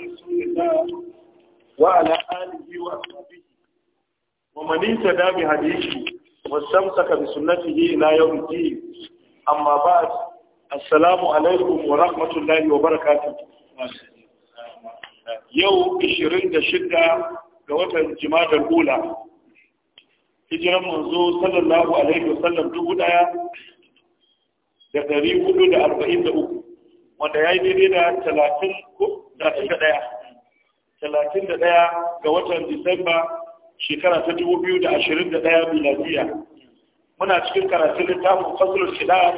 رسول الله وعلى آله وأصحابه ومن اهتدى بهديه واستمسك بسنته إلى يوم الدين أما بعد السلام عليكم ورحمة الله وبركاته yau 26 ga watan jimadar hula hijiran manzo sallallahu alaihi wasallam dubu daya da dari hudu da arba'in da uku wanda ya yi daidai da talatin talatin da ɗaya ga watan disamba shekara ta dubu biyu da ashirin da ɗaya miladiya muna cikin karatun littafin fasulun shida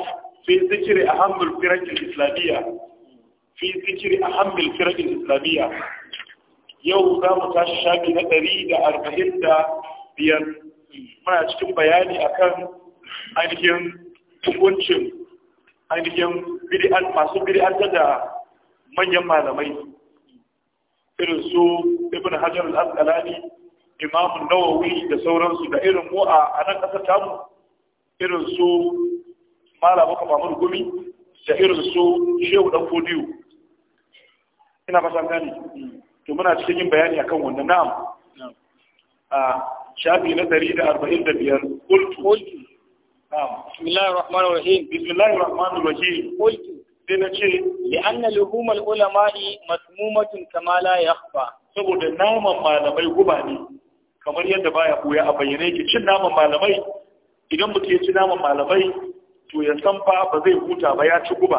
fi zikiri a hamil firakin islamiyya fi zikiri a hamil firakin islamiyya yau za mu tashi shafi na ɗari da arba'in da biyar muna cikin bayani akan ainihin hukuncin ainihin bid'an masu bid'an da manyan malamai irin su ibn hajar al-asqalani imam nawawi da sauransu da irin mu a nan kasar tamu irin su malama kamar gumi da irin su shehu dan fodiyo ina fasan gani to muna cikin yin bayani akan wannan na'am a shafi na 145 qultu qultu na'am bismillahir rahmanir rahim bismillahir rahmanir rahim qultu sai na ce li'anna luhumal ulama'i mummatin kama la yakhfa saboda naman malamai guba ne kamar yadda baya koya a bayyane yake cin naman malamai idan mutum ya ci naman malamai to ya san fa ba zai huta ba ya ci guba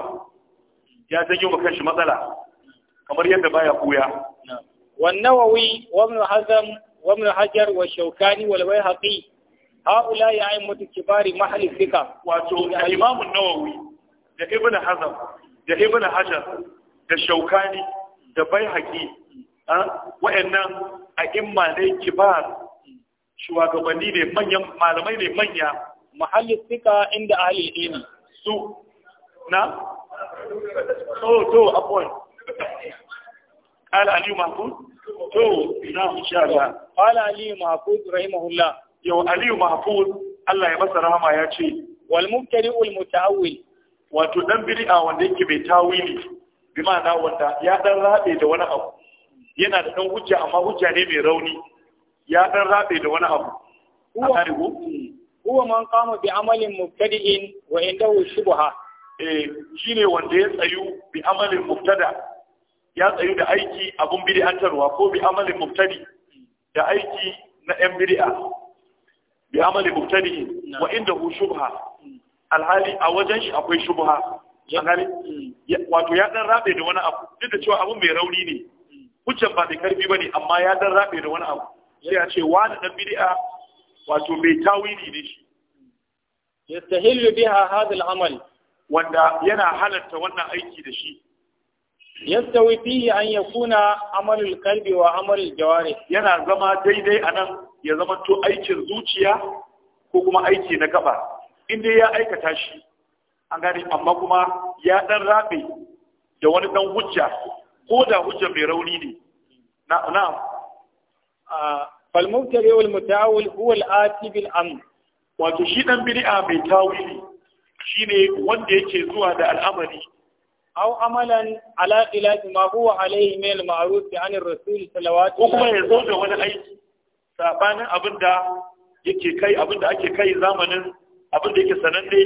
ya janyo wa kanshi matsala kamar yadda baya koya والنووي وابن حزم وابن حجر والشوكاني والبيهقي هؤلاء أئمة كبار محل wato وإمام nawawi da ibn hazm da ibn hajar da shaukani da baihaqi wa'annan a'imma ne kibar shugabanni ne manyan malamai ne manya mahallin sika inda ahli ilmi su na to to apon ala aliyu mahfuz to na insha Allah ala aliyu mahfuz rahimahullah yau aliyu mahfuz Allah ya masa rahama ya ce wal mubtadi'ul muta'awwil wato dan bid'a wanda yake bai tawili bi ma'ana wanda ya dan rabe da wani abu yana da dan hujja amma hujja ne mai rauni ya dan rabe da wani abu huwa huwa man qama bi amalin mubtadi'in wa indahu shubha eh shine wanda ya tsayu bi amalin mubtada ya tsayu da aiki abun bid'antarwa ko bi amalin mubtadi da aiki na yan bid'a bi amalin mubtadi wa indahu shubha alhali a wajen shi akwai shubha wato ya dan rabe da wani abu duk da cewa abu mai rauni ne hujjan ba mai karfi bane amma ya dan rabe da wani abu sai ya ce wani dan bid'a wato mai tawili ne shi yastahillu biha hadha al-amal wanda yana halarta wannan aiki da shi yastawi fihi an yakuna amalul qalbi wa amalul jawarih yana zama daidai anan ya zama to aikin zuciya ko kuma aiki na gaba Inda ya aikata shi an gane amma kuma ya dan rabe da wani dan hujja ko da hujja mai rauni ne na na falmuntari wal mutawil huwa al-ati bil am wato shi dan bid'a mai tawili shine wanda yake zuwa da al'amari aw amalan ala khilafi ma huwa alayhi min al-ma'ruf an ar-rasul sallallahu ko kuma ya zo da wani aiki sabanin abinda yake kai abinda ake kai zamanin abin da yake sananne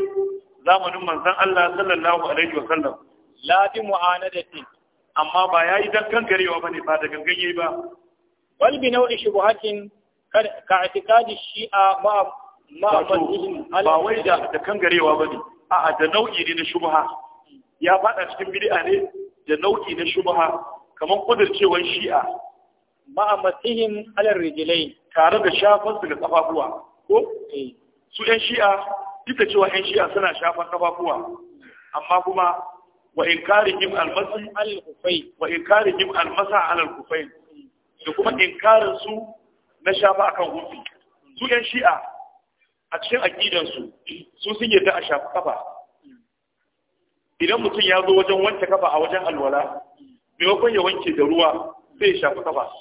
zamanin manzon Allah sallallahu alaihi wa sallam la bi mu'anadatin amma ba yayi dan kankarewa bane ba da ganganye ba wal bi nau'i shubuhatin ka i'tiqadi shi'a ma ma ba wai da da kankarewa bane a da nau'i ne na shubha ya fada cikin bid'a ne da nau'i na shubha kamar kudurcewar shi'a ma masihim alar rijlai tare da shafan su ga kafafuwa ko eh. su yan shi'a duk da cewa yan shi'a suna shafan kafafuwa amma kuma wa inkarihim almasi al-kufai wa inkarihim almasa al-kufai da kuma inkarin su na shafa akan hufi su yan shi'a a cikin aqidan su su sun yarda a shafa kafa idan mutum ya zo wajen wanke kafa a wajen alwala maimakon ya wanke da ruwa sai ya shafi kafa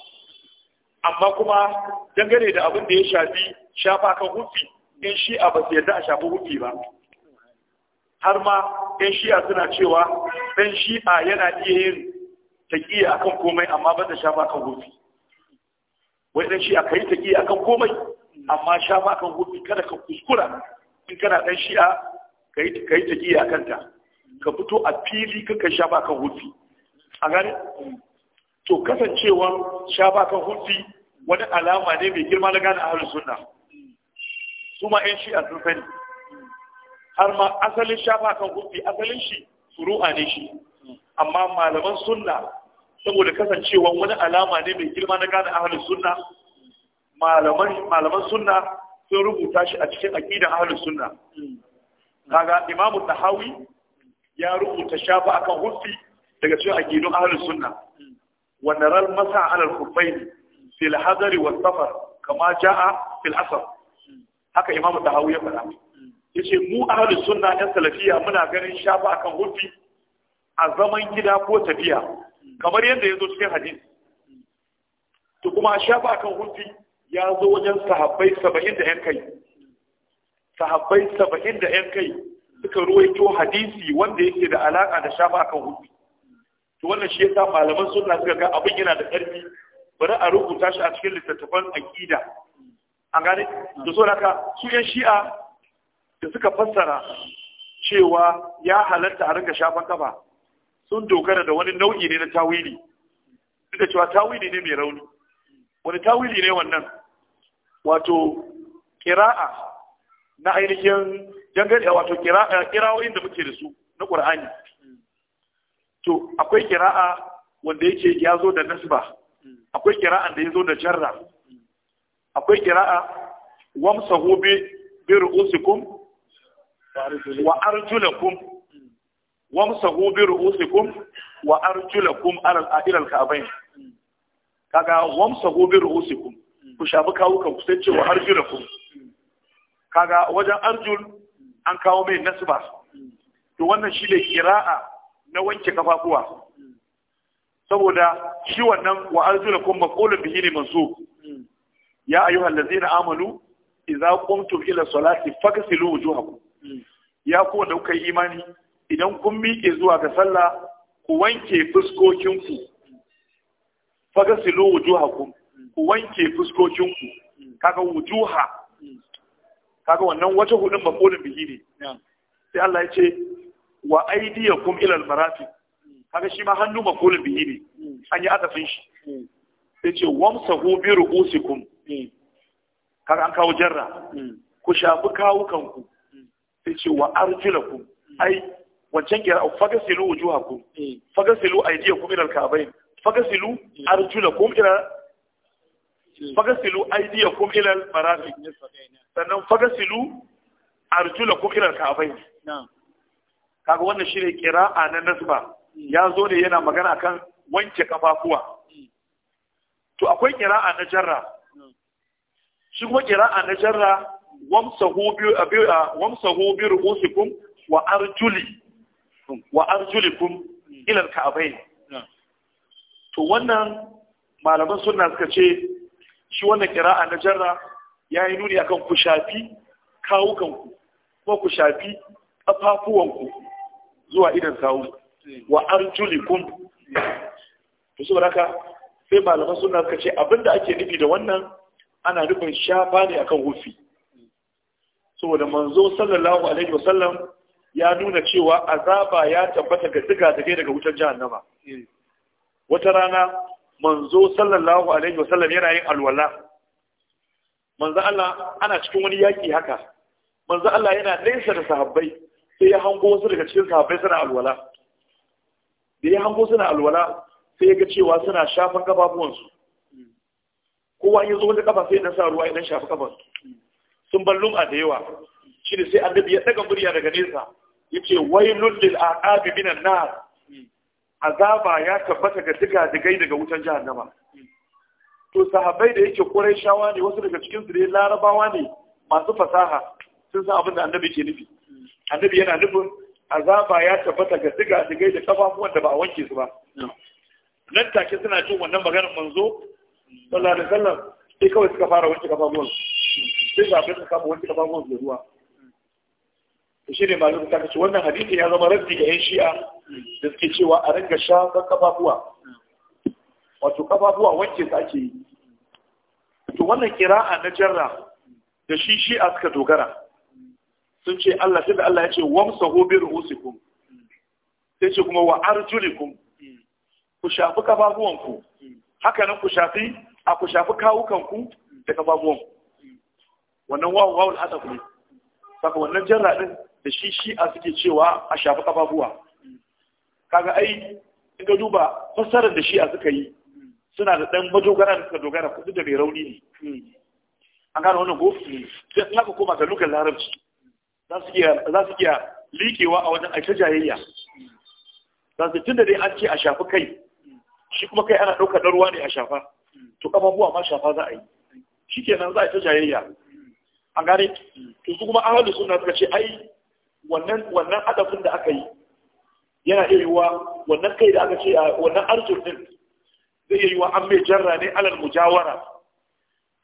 amma kuma dangane da abin da ya shafi shafa kan hufi in shi'a ba su yadda a shafi hudu ba har ma shi shi'a suna cewa ɗan shi'a yana iya yin taƙiya akan komai amma ban da shafa kan hudu wai ɗan shi'a ka yi taƙiya akan komai amma shafa kan hudu kada ka kuskura in kana ɗan shi'a ka yi taƙiya akan ta ka fito a fili kanka shafa kan hudu a gani to kasancewa shafa kan hudu wani alama ne mai girma na gane ahalin sunna su ma yan shi'a sun sani har ma asalin shafa kan hufi asalin shi suru'a ne shi amma malaman sunna saboda kasancewa wani alama ne mai girma na gane ahalin sunna malaman malaman sunna sun rubuta shi a cikin aqidan ahalin sunna kaga imamu tahawi ya rubuta shafa akan hufi daga cikin akidun ahalin sunna Wannan naral masa ala al-khuffayn fil hadari was safar kama jaa fil asr haka imamu tahawi ya faɗa ce mu ahlus sunna yan salafiya muna ganin shafa akan hufi a zaman gida ko tafiya kamar yadda ya zo cikin hadisi to kuma shafa akan hufi ya zo wajen sahabbai saba'in da yan kai sahabbai saba'in da yan kai suka ruwaito hadisi wanda yake da alaka da shafa akan hufi to wannan shi yasa malaman sunna suka ga abin yana da ƙarfi bari a rubuta shi a cikin littattafan aqida an gane da so laka su yan shi'a da suka fassara cewa ya halatta a rinka shafan kafa sun dogara da wani nau'i ne na tawili duk da cewa tawili ne mai rauni wani tawili ne wannan wato kira'a na ainihin dangane wato kira'o'in da muke da su na ƙur'ani to akwai kira'a wanda yake ya zo da nasba akwai kira'an da ya zo da jarra akwai kira'a wamsahu bi bi ru'usikum wa arjulakum wamsahu bi ru'usikum wa arjulakum ala al ka'bayn kaga wamsahu bi ru'usikum ku shafi kawukan ku sai cewa arjulakum kaga wajen arjul an kawo mai nasba to wannan shi ne kira'a na wanke kafafuwa saboda shi wannan wa arjulakum maqulun bihi ne mansub ya ayyuhal ladzina amanu idza qumtum ila salati faghsilu wujuhakum ya ku da kuka yi imani idan kun miƙe zuwa ga sallah ku wanke fuskokinku faghsilu wujuhakum ku wanke fuskokinku kaga wujuha kaga wannan wata hudun maqulun bihi ne sai Allah ya ce wa aydiyakum ila al-marafiq kaga shi ma hannu maqulun bihi ne mm. an yi aka shi mm. sai ce wamsahu bi ru'usikum Eh. kar an kawo jarra hmm. ku shafi kawukan ku hmm. sai ce wa arjulakum hmm. ai wancan kira fagasilu wujuhakum eh. fagasilu aydiyakum ila al kabai. fagasilu eh. arjulakum ila fagasilu aydiyakum ila al marafi. sannan fagasilu arjulakum ila al kabai. kaga wannan shine qira'a na nasba ya zo ne yana magana kan wanke kafafuwa to akwai qira'a na jarra shi kuma kira'a na jarra "Wamsa, hobi ru'usikum wa arjuli wa arjulikum ila al-ka'bayn to wannan malaman suna suka ce shi wannan a na jarra yi nuni akan ku shafi kawukanku ko ku shafi kafafuwanku zuwa idan sawu wa kun to su haka sai malaman suna suka ce abinda ake nufi da wannan ana nufin shafa ne akan hufi saboda manzo sallallahu alaihi wasallam ya nuna cewa azaba ya tabbata ga diga dage daga wutar jahannama wata rana manzo sallallahu alaihi wasallam yana yin alwala manzo Allah ana cikin wani yaki haka manzo Allah yana nesa da sahabbai sai ya hango wasu daga cikin sahabbai suna alwala da ya hango suna alwala sai ya ga cewa suna shafan gababuwansu kowa ya zo wata kafa sai na sa ruwa idan shafi kafa sun bar lum'a da yawa shi da sai annabi ya daga murya daga nesa Ya yace wai lil aqabi minan nar azaba ya tabbata ga diga digai daga wutan jahannama to sahabbai da yake shawa ne wasu daga cikin su ne larabawa ne masu fasaha sun san abin da annabi ke nufi annabi yana nufin azaba ya tabbata ga diga digai da kafafuwan da ba a wanke su ba nan take suna jin wannan maganar manzo sallallahu alaihi wasallam sai kawai suka fara wanke kafafuwan sai zaɓe suka kama wanke kafafuwan da ruwa to shi ne malamin ta ce wannan hadisi ya zama rabbi ga 'yan shi'a da suke cewa a ringa shafan kafafuwa wato kafafuwa wanke su ake yi to wannan kira'a na jarra da shi shi'a suka dogara sun ce Allah sai da Allah ya ce wamsa wamsahu bi ru'usikum sai ce kuma wa arjulikum ku shafi kafafuwanku haka nan ku shafi a ku shafi kawukanku da kafafuwan wannan wawo wawo hada ku ne saka wannan jarra da shi shi a suke cewa a shafi kafafuwa kaga ai in ga duba fassarar da shi a suka yi suna da ɗan majogara da suka dogara kudu da mai rauni ne an gane wannan ko sai in aka koma ga lukar larabci za su iya liƙewa a wajen aita jayayya za su tun da dai an ce a shafi kai shi kuma kai ana ɗaukar ruwa ne a shafa to ƙafafuwa ma shafa za a yi shi kenan za a yi ta jayayya A gane to su kuma ahalu suna suka ce ai wannan wannan adafin da aka yi yana iya yiwuwa wannan kai da aka ce a wannan arjun din zai iya yiwuwa an mai jarra ne alal mujawara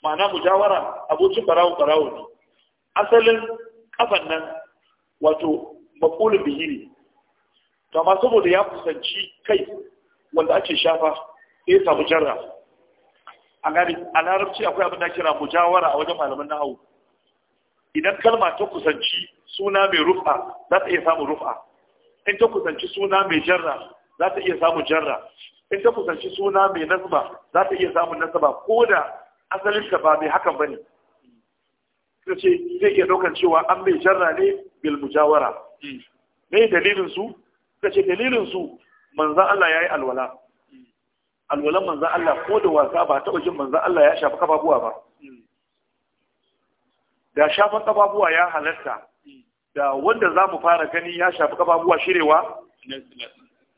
ma'ana mujawara abokin barawo barawo ne asalin kafan nan wato makulun bihiri to amma saboda ya kusanci kai wanda ake shafa sai ya samu jarra a gani a larabci akwai abin da kira mujawara a wajen malaman hau idan kalma ta kusanci suna mai rufa za ta iya samun rufa in ta kusanci suna mai jarra za ta iya samun jarra in ta kusanci suna mai nasaba za ta iya samun nasaba ko da asalin ta ba mai hakan ne. ta ce zai iya daukan cewa an mai jarra ne bil mujawara hmm. me dalilin su ce dalilin su manzan Allah ya yi alwala alwalan manzan Allah ko da wasa ba taɓa jin manzan Allah ya shafi kafafuwa ba da shafin kafafuwa ya halarta da wanda za mu fara gani ya shafi kafafuwa shirewa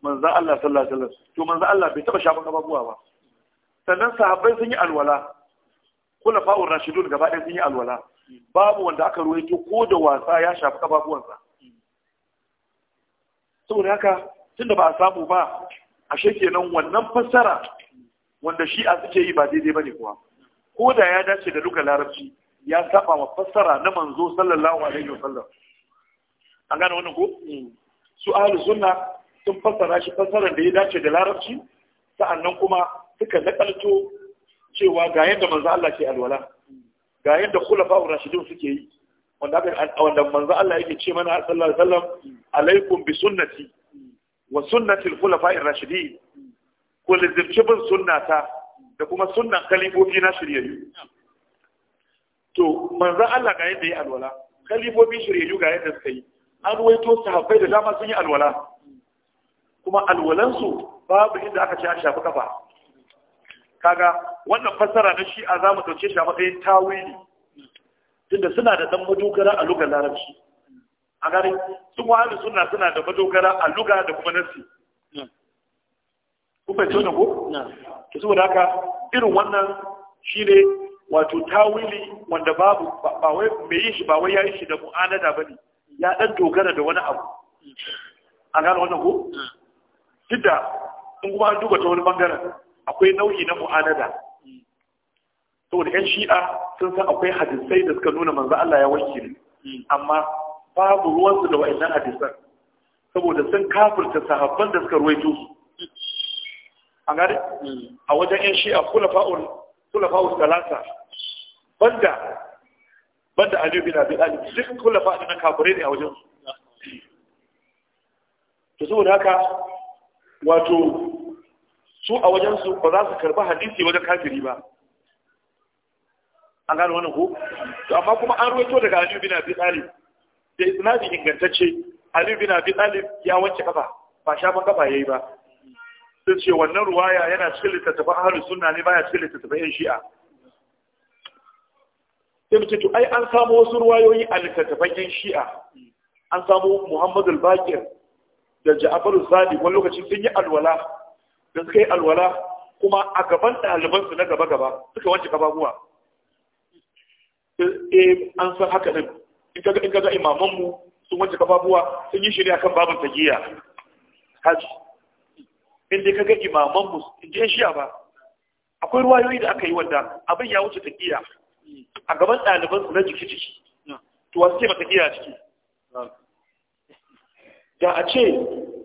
manzan Allah sallallahu alaihi wasallam to manzan Allah bai taɓa shafin kafafuwa ba sannan sahabbai sun yi alwala kula fa'ur rashidun gaba ɗaya sun yi alwala babu wanda aka ruwaito ko da wasa ya shafi kafafuwansa saboda haka tunda ba a samu ba ashe nan wannan fassara wanda shi'a suke yi ba daidai ba ne kuwa ko da ya dace da duka larabci ya saba wa fassara na manzo sallallahu alaihi wa sallam. an gane wannan ko mm. su ahlus sunna sun fassara shi fassarar da ya dace da larabci sa'annan kuma suka nakalto cewa ga yadda manzo Allah ke alwala ga yadda khulafa'ur rashidun suke yi wanda wanda manzo Allah yake ce mana sallallahu alaihi sallam alaikum bi sunnati wa sunnatul khulafa'ir rashidin ko bin sunnata da kuma sunnan kalibobi na shiryayyu to manzo Allah ga yadda yi alwala kalibobi shiryayyu ga yadda suka yi an ruwaito sahabbai da dama sun yi alwala kuma alwalan su babu inda aka ce a shafi kafa kaga wannan fassara na shi'a zamu zamu ɗauke shi a matsayin tawili tunda suna da ɗan madogara a lugar larabci a gari sun wa ahlus suna da madogara a luga da kuma nasi ku fahimci wannan ko to saboda haka irin wannan shine wato tawili wanda babu ba wai mai yi shi ba wai yayi shi da mu'anada bane ya dan dogara da wani abu a gari wannan ko duk da in kuma an duba ta wani bangaren akwai nau'i na mu'anada saboda yan shi'a sun san akwai hadisai da suka nuna manzo Allah ya wanke ne mm. amma babu ruwansu da wa'annan hadisan saboda sun kafirta sahabban da suka ruwaito su an gane mm. a wajen yan shi'a kula fa'ul talata banda banda Aliyu bin Abi Talib duk fa'ul na kafure ne a wajen su to saboda haka wato su a wajen su ba za su karba hadisi wajen kafiri ba an gane wannan ko to amma kuma an ruwaito daga Aliyu bin Abi Talib da isnadi ingantacce Ali bin Abi Talib ya wanke kafa ba shafan kafa yayi ba sai ce wannan ruwaya yana cikin littattafan ahlus sunna ne baya cikin littattafan yan shi'a sai mu ce to ai an samu wasu ruwayoyi a littattafan yan shi'a an samu Muhammad al-Baqir da Ja'far al-Sadiq wani lokacin sun yi alwala da suka yi alwala kuma a gaban su na gaba-gaba suka wanke kafafuwa eh an san haka din in kaga in kaga imaman mu sun wanke kafafuwa sun yi shirya kan babin tajiya haji in dai kaga imaman mu in je shiya ba akwai ruwayoyi da aka yi wanda abin ya wuce tajiya a gaban ɗaliban su na jiki jiki to wasu ce ba tagiya ciki da a ce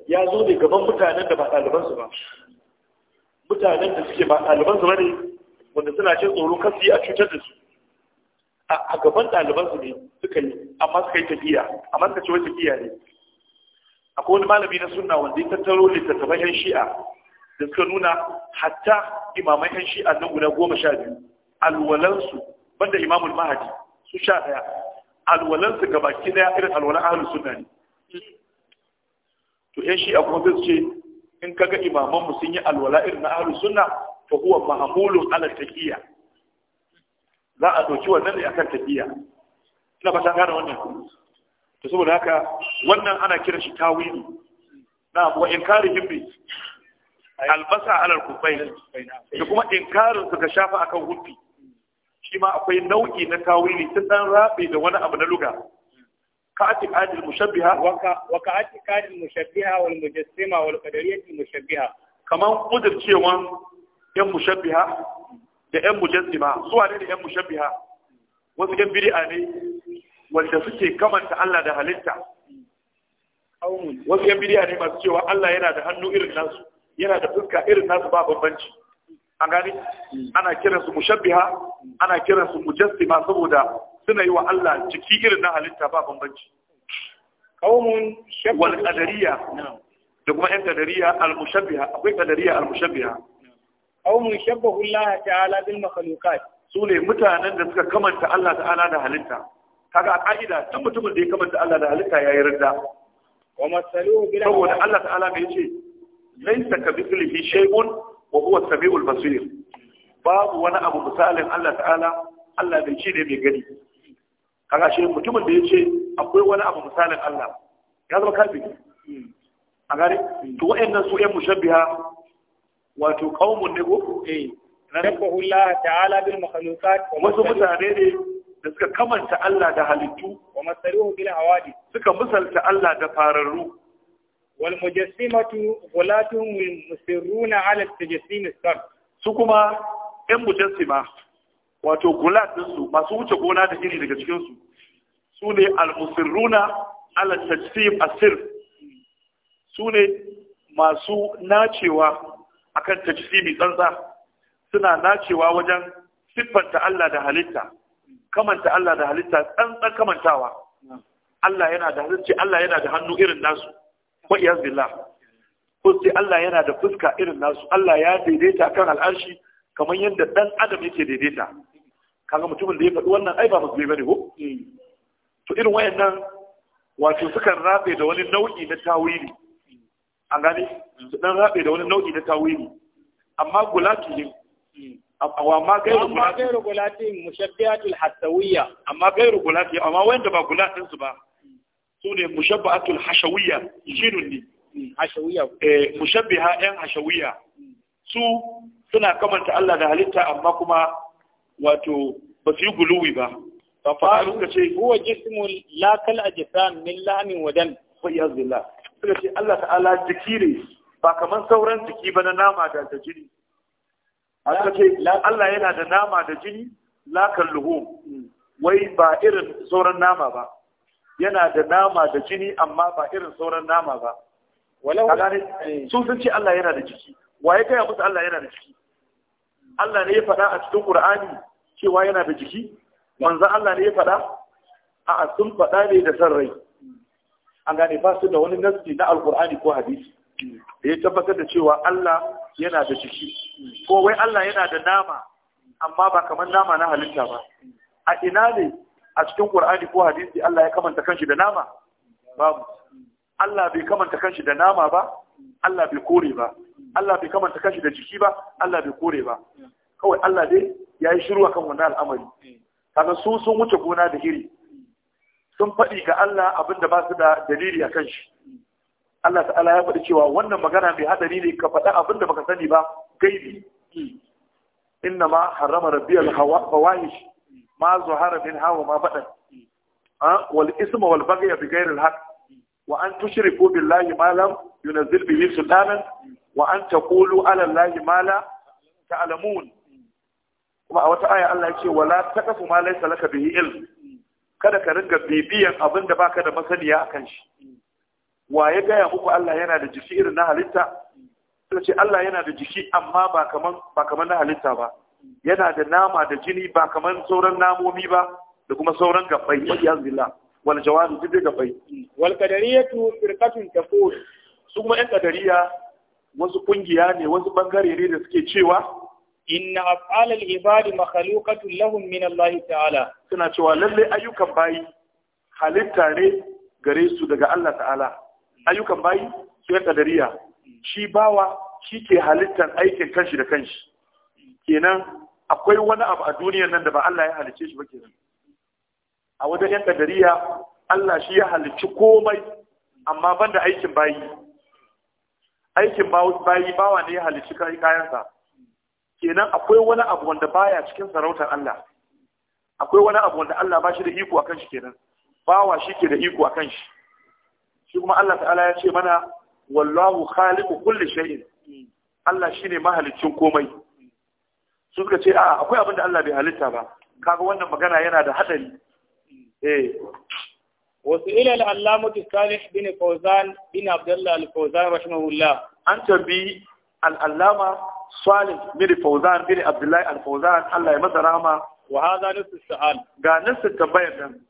ya zo ne gaban mutanen da ba ɗalibansu ba mutanen da suke ba ɗalibansu ba ne wanda suna ce tsoro kasu yi a cutar da su a gaban ɗalibansu ne suka yi amma suka yi tafiya amma suka ce wata tafiya ne akwai wani malami na sunna wanda ya tattaro littattafan yan shi'a da suka nuna hatta imaman yan shi'a na guda goma sha biyu alwalansu banda imamul mahadi su sha ɗaya alwalansu baki ɗaya irin alwalan ahalin sunna ne to yan shi'a kuma su ce in kaga imamanmu sun yi alwala irin na ahalin sunna fa huwa mahmulun ala taqiyya za a ɗauki wannan ne akan tafiya ina fata gane wannan to saboda haka wannan ana kiran shi tawili na wa inkari himbi albasa alal kufai da kuma inkarin su ga shafa akan hudu shi ma akwai nau'i na tawili sun dan rabe da wani abu na luga ka atiqadil mushabbiha wa ka atiqadil mushabbiha wal mujassima wal qadariyyatil mushabbiha kaman kudircewan yan mushabbiha da ‘yan mujassima wane ne da ‘yan mushabbiha wasu ‘yan bid'a ne wanda suke kamanta Allah da halitta wasu ‘yan bid'a ne masu cewa Allah yana da hannu irin nasu yana da fuska irin nasu ba bambanci an gani ana kiran su mushabbiha ana kiran su mujassima saboda suna yi wa Allah jiki irin na halitta ba bambanci qaumun wal qadariyya da kuma ‘yan qadariyya al-mushabbiha akwai qadariyya al-mushabbiha Au mun shabbahu Allah ta'ala bil makhluqat su ne mutanen da suka kamanta Allah ta'ala da halitta kaga a ka'ida duk mutumin da ya kamanta Allah da halitta yayi ridda wa masaluhu bil saboda Allah ta'ala bai ce laysa ka mithlihi shay'un wa huwa as-sami'ul basir babu wani abu misalin Allah ta'ala Allah bai ce ne mai gani kaga shi mutumin da ya ce akwai wani abu misalin Allah ya zama kafiri hmm. a gare to wa'annan su ƴan mushabbiha wato kaumun ne ko eh rabbahu Allah ta'ala bil makhluqat wasu mutane ne da suka kamanta Allah da halittu wa masaruhu bil awadi suka misalta Allah da fararru wal mujassimatu ghulatun musirruna ala tajassim as su kuma ɗan mujassima wato gulat su masu wuce gona da iri daga cikin su su ne al-musirruna ala tajassim asir su ne masu nacewa akan tajsimi tsantsa suna nacewa wajen siffanta Allah da halitta kamanta Allah da halitta tsantsan kamantawa Allah yana da halitta Allah yana da hannu irin nasu wa iyaz billah ko sai Allah yana da fuska irin nasu Allah ya daidaita kan al'arshi kamar yadda dan adam yake daidaita kaga mutumin da ya faɗi wannan ai ba musulmi bane ko mm. to irin wayannan wato sukan rabe da wani nau'i na tawili an gane su dan rabe da wani nau'i na tawili amma gulati amma gairu gulati gairu gulati mushabbihatul hasawiyya amma gairu gulati amma wanda ba gulatin su ba su ne mushabbahatul hashawiyya shinun ne hashawiyya eh mushabbiha yan hashawiyya su suna kamanta Allah da halitta amma kuma wato ba su yi guluwi ba ba fa suka ce huwa jismul la kal ajsam min lahmin wadan fa yazilla suka ce Allah ta'ala jiki ne ba kamar sauran jiki ba na nama da da jini suka ce Allah yana da nama da jini la luhu. wai ba irin sauran nama ba yana da nama da jini amma ba irin sauran nama ba eh. sun sun ce Allah yana da jiki waye gaya musu Allah yana da jiki Allah ne ya faɗa a cikin Qur'ani cewa yana da jiki manzo Allah ne ya faɗa a sun faɗa ne da san rai an gane ba su da wani nassi na alkur'ani ko hadisi da ya tabbatar da cewa Allah yana da jiki ko wai Allah yana da nama amma ba kamar nama na halitta ba a ina ne a cikin Qur'ani ko hadisi Allah ya kamanta kanshi da nama babu Allah bai kamanta kanshi da nama ba Allah bai kore ba Allah bai kamanta kanshi da jiki ba Allah bai kore ba kawai Allah dai ya yi shiru akan wannan al'amari kaga su sun wuce gona da hiri. sun faɗi ga Allah abin da ba su da dalili a kan shi Allah ta'ala ya faɗi cewa wannan magana mai hadari ne ka faɗa abin da baka sani ba gaibi inna ma harama rabbiyal fawahish ma zuhara min hawa ma badan wal isma wal baghy bi ghayri al wa an tushriku billahi ma lam yunzil bihi sultanan wa an taqulu ala allahi ma la ta'lamun kuma a wata aya Allah ya ce wala taqfu ma laysa laka bihi ilm kada ka ringa bibiyan abin da baka da masaniya akan shi wa ya gaya muku Allah yana da jiki irin na halitta sai ce Allah yana da jiki amma ba kaman ba kaman na halitta ba yana da nama da jini ba kaman sauran namomi ba da kuma sauran gabbai wa yazilla wal jawadu duk gabbai wal qadariyatu firqatun taqul su kuma yan qadariya wasu kungiya ne wasu bangare ne da suke cewa inna af'alal ibadi makhluqatun lahum min Allah ta'ala suna cewa lalle ayyukan bayi halitta ne gare su daga Allah ta'ala ayyukan bayi su ya kadariya shi bawa shi ke halittar aikin kanshi da kanshi kenan akwai wani abu a duniyar nan da ba Allah ya halicce shi ba kenan a wajen yan kadariya Allah shi ya halicci komai amma banda aikin bayi aikin bayi bawa ne ya halicci kayansa kenan akwai wani abu wanda baya cikin sarautar Allah akwai wani abu wanda Allah ba shi da iko akan shi kenan bawa shi ke da iko akan shi shi kuma Allah ta'ala ya ce mana wallahu khaliqu kulli shay'in Allah shine mahalicin komai su suka ce a akwai abin da Allah bai halitta ba kaga wannan magana yana da hadari eh wasu ila al-allamu salih bin fawzan bin abdullah al-fawzan rahimahullah an tabi al-allama Salim bin Fauzan bin Abdullahi Al-Fauzan Allah ya masa rahama wa hadha nasu sa'al ga nasu tambayar nan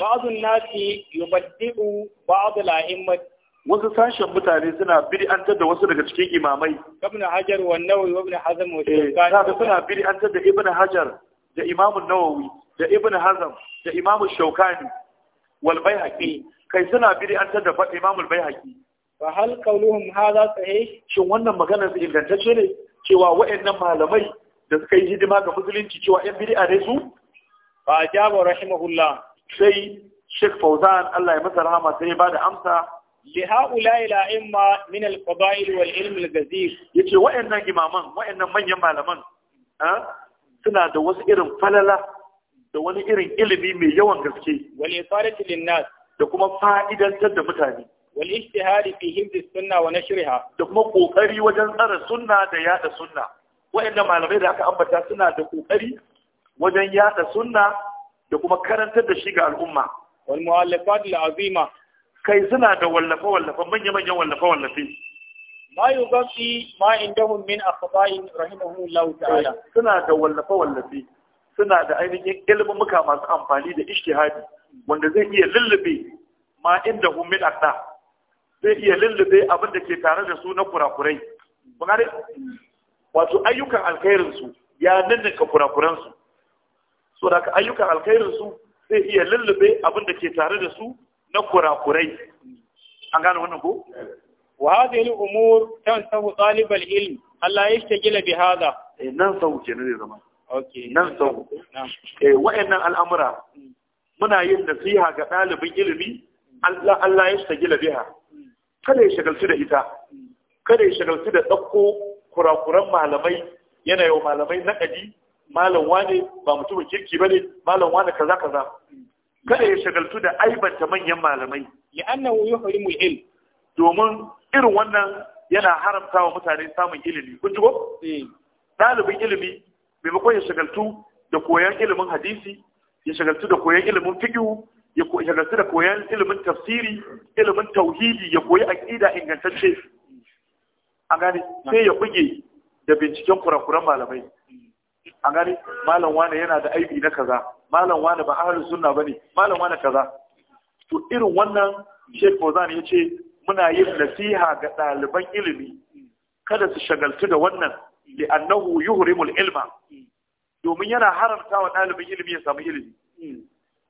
ba'd nati, yubaddi'u ba'd al-a'immat wasu sashen mutane suna bid'antar da wasu daga cikin imamai ibn Hajar wa Nawawi wa ibn Hazm wa Shawkani eh, suna bid'antar da ibn Hajar da Imam Nawawi da ibn Hazm da Imam Shawkani wal Baihaqi eh. kai suna bid'antar da Imam al-Baihaqi fa hal qawluhum hadha sahih shin wannan magana ingantacce ne cewa waɗannan malamai da suka yi hidima ga musulunci cewa yan bid'a ne su fa ajaba rahimahullah sai Sheikh Fauzan Allah ya masa rahama sai ya bada amsa li haula ila imma min al qaba'il wal ilm al gazir yace waɗannan imaman waɗannan manyan malaman suna da wasu irin falala da wani irin ilimi mai yawan gaske wal ifarati lin nas da kuma fa'idantar da mutane wal ijtihadi fi hifz sunna wa nashriha da kuma kokari wajen tsara sunna da yada sunna wa'anda malamai da aka ambata suna da kokari wajen yada sunna da kuma karantar da shi ga al'umma wal mu'allafat al kai suna da wallafa wallafa manya manyan wallafa wallafe ma yubaqi ma indahum min akhba'in rahimahullahu ta'ala suna da wallafa wallafe suna da ainihin muka masu amfani da ijtihadi wanda zai iya lullube ma inda zai iya lullube abin da ke tare da su na kurakurai bangare wato ayyukan alkhairin su ya ninninka kurakuran su so da ka ayyukan alkhairin su zai iya lullube abin da ke tare da su na kurakurai an gane wannan ko wa hadhihi al-umur tansahu talib al-ilm Allah ya shagila bi hada eh, nan sau kenan zai zama okay nan sau eh wa'annan al'amura muna yin nasiha ga ɗalibin ilimi Allah Allah ya shagila biha kada ya shagaltu da ita kada ya shagaltu da ɗauko kurakuran malamai yana yau malamai ƙadi malam wane ba mutumin kirki ba ne malam wane kaza kaza kada ya shagaltu da aibanta manyan malamai ya yuhrimul il domin irin wannan yana haramta wa mutane samun ilimi kun ji ko eh. ɗalibin ilimi maimakon ya shagaltu da koyon ilimin hadisi ya shagaltu da koyon ilimin fiƙihu? ya gasu da koyan ilimin tafsiri ilimin tauhidi ya koyi aƙida ingantacce a gani sai ya buge da binciken kurakuran malamai a gani malam wane yana da aibi na kaza malam wane ba ahalin sunna ne malam wane kaza to irin wannan Sheikh Fauzan ya ce muna yin nasiha ga ɗaliban ilimi kada su shagaltu da wannan da annahu yuhrimul ilma domin yana haramta wa ɗalibin ilimi ya samu ilimi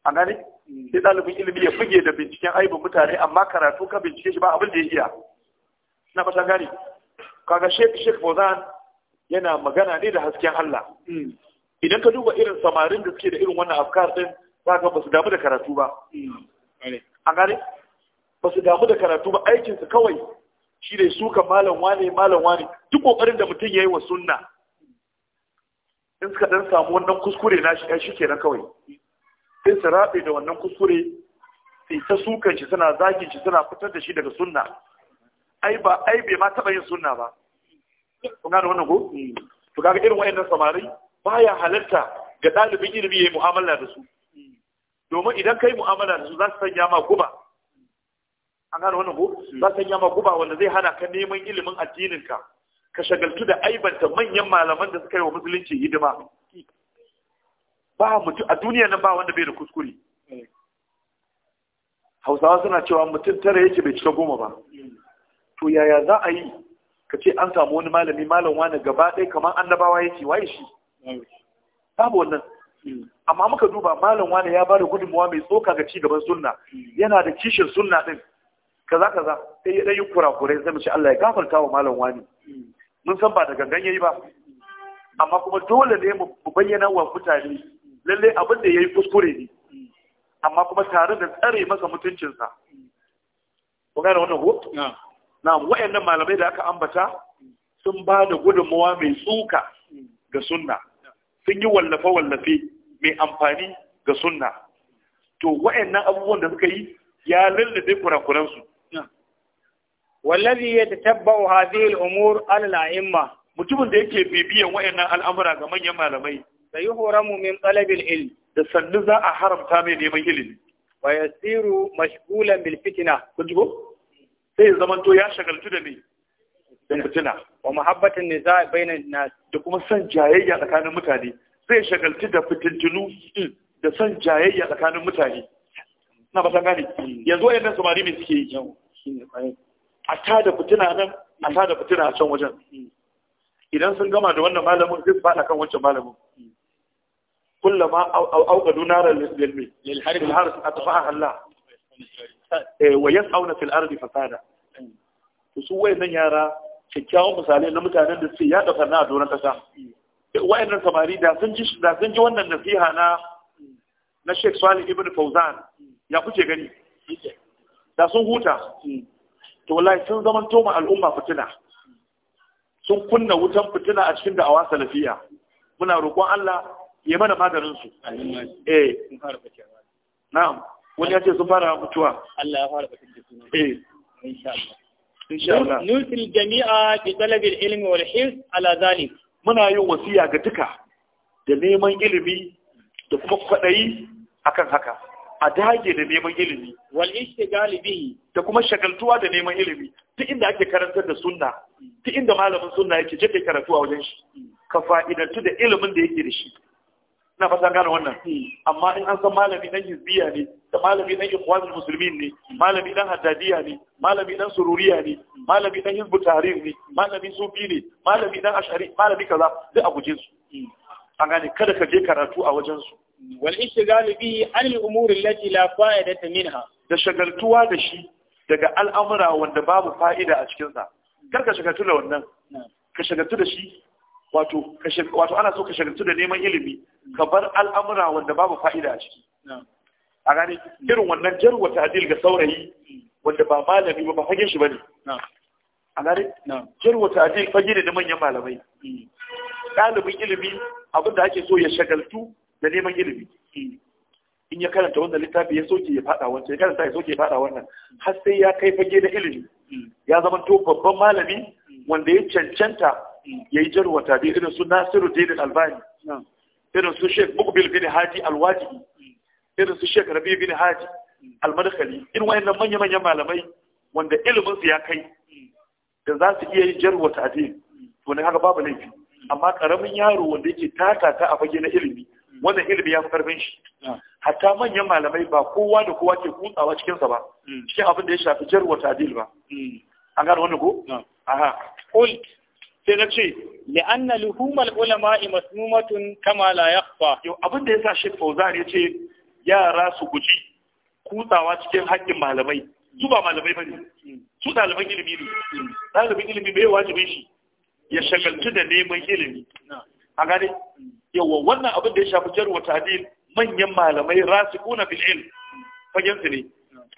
a gane mm. sai dalibin ilimi ya buge da binciken aibin mutane amma karatu ka bincike shi ba abin da ya iya na fata gane kaga shek shek bozan yana magana ne da hasken Allah mm. idan ka duba irin samarin da suke da irin wannan afkar din za ka ba su damu da karatu ba mm. a gane ba su damu da karatu ba aikinsu kawai shi ne su ka malam wane malam wane duk kokarin da mutum ya yi wa sunna in suka dan samu wannan kuskure na shi shi kenan kawai sai su rabe da wannan kuskure sai ta sukan shi suna zagin shi suna fitar da shi daga sunna ai ba ai bai ma taba yin sunna ba kun gane wannan ko mm. to kaga irin wayannan samari baya halarta ga dalibin ilimi yayi mu'amala da su mm. domin idan kai mu'amala da su za su sanya ma guba an gane wannan ko mm. za su sanya ma guba wanda zai hana ka neman ilimin addinin ka ka shagaltu da aibanta manyan malaman da suka yi wa musulunci hidima ba mutum a duniya nan ba wanda bai da kuskure hausawa suna cewa mutum tara yake bai cika goma ba to yaya za a yi ka ce an samu wani malami malam wani gaba ɗaya kamar annabawa yake waye shi babu wannan amma muka duba malam wani ya bada gudunmawa mai tsoka ga cigaban sunna yana da kishin sunna ɗin kaza kaza sai ya ɗanyi kurakurai sai mu ce Allah ya gafarta wa malam wani mun san ba da gangan yayi ba amma kuma dole ne mu bayyana wa mutane lalle abin da ya yi kuskure ne amma kuma tare da tsare masa mutuncinsa ku gane wannan hot na wayannan malamai da aka ambata sun ba da gudunmawa mai tsuka ga sunna sun yi wallafe-wallafe mai amfani ga sunna to wayannan abubuwan da suka yi ya lullube kurakuransu wallazi ya tattabba'u hadhihi al-umur al-a'imma mutumin da yake bibiyan wayannan al'amura ga manyan malamai sai horamu min talabil ilm da sannu za a haramta mai neman ilimi wa yasiru mashghulan bil fitina kun ji ko sai zamanto ya shagaltu da mai, da fitina wa muhabbatin ne za a bayyana na da kuma son jayayya tsakanin mutane zai shagaltu da fitintunu da son jayayya tsakanin mutane na ba gane yanzu yadda samari mai suke yi a ta da fitina nan a ta da fitina a can wajen idan sun gama da wannan malamin zai fada kan wancan malamin kullama auqadu naran lil lil harb al harb atfaha Allah eh, wa yas'auna fil ardi fasada to su wayannan yara kyakkyawan misalai na mutanen da suke yada farna a doron kasa eh, wayannan samari da sun ji wannan nasiha na na Sheikh gani da sun huta to wallahi sun zaman toma al'umma fitina sun kunna wutan fitina a cikin da awasa lafiya. muna roƙon Allah ya mana maganin su eh na'am wani ya ce sun fara mutuwa Allah ya fara fitar da su eh insha Allah insha Allah nusil jami'a bi talab ala muna yin wasiya ga duka da neman ilimi da kuma kwadayi akan haka a dage da neman ilimi wal ishtigali bihi da kuma shagaltuwa da neman ilimi duk inda ake karantar da sunna duk inda malamin sunna yake jefe karatu a wajen shi ka fa'idantu da ilimin da yake da shi na fata gane wannan amma in an san malami dan hizbiya ne da malami dan ikhwanul muslimin ne malami dan haddadiya ne malami dan sururiya ne malami dan hizbu tahrir ne malami sufi ne malami dan ashari malami kaza duk a guje su an gane kada ka je karatu a wajen su wal ishtigal bihi an al umur allati la fa'idata minha da shagaltuwa da shi daga al'amura wanda babu fa'ida a cikin sa kar ka shagaltu da wannan ka shagaltu da shi wato ana so ka shagaltu da neman ilimi ka bar al'amura wanda babu fa'ida a ciki a gane irin wannan jarwa ta'dil ga saurayi wanda ba malami ba ba fagen shi bane a gane jarwa ta'dil fage ne da manyan malamai mm. ɗalibin ilimi abin da ake so ya shagaltu da neman ilimi mm. in ya karanta wannan littafi ya soke ya fada wancan ya karanta ya soke ya fada wannan har sai ya kai fage na ilimi mm. ya zama to babban malami wanda ya cancanta ya yi jarwa tabi irin su nasiru daidin albani irin su sheik mukbil bin haji alwaji irin su sheik rabi bin haji almadakali in nan manya-manyan malamai wanda ilimin su ya kai da za su iya yin jarwa tabi to ne haka babu laifi amma karamin yaro wanda yake ta a fage na ilimi wannan ilimi ya fi karfin shi hatta manyan malamai ba kowa da kowa ke kutsawa cikinsa ba mm. cikin abin da ya shafi jarwa tabi ba mm. an gane wannan ko aha sai na ce li'anna luhumal ulama'i masnumatun kama la yakhfa yau abin da yasa Sheikh Fauzan ya ce yara su guji kutsawa cikin haƙƙin malamai su ba malamai bane su ɗaliban ilimi ne ɗaliban ilimi bai wajibin shi ya shagaltu da neman ilimi a gane yawa wannan abin da ya shafi jarwa tadil manyan malamai rasikuna bil ilm fagen su ne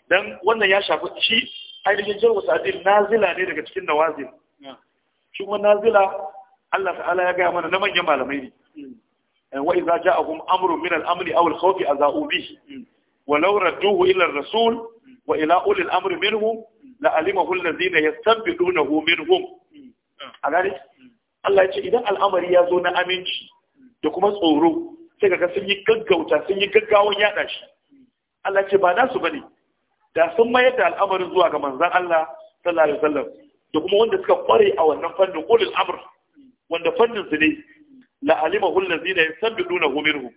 dan wannan ya shafi shi ainihin jarwa tadil nazila ne daga cikin nawazil shi kuma nazila Allah ta'ala ya gaya mana na manyan malamai ne hmm. eh, wa idza ja'akum amrun min al-amri aw al-khawf azau bihi hmm. wa law radduhu ila ar-rasul hmm. wa ila ulil amri minhum la alimahu alladhina yastanbidunahu minhum a gani Allah ya ce idan al'amari ya zo na aminci da kuma tsoro sai kaga sun yi gaggauta sun yi gaggawan yada shi Allah ya ce ba nasu bane da sun mayar da al'amarin zuwa ga manzon Allah sallallahu alaihi wasallam da kuma wanda suka kware a wannan fannin ulul amr wanda fannin su ne la alima allazina yasabbiduna minhu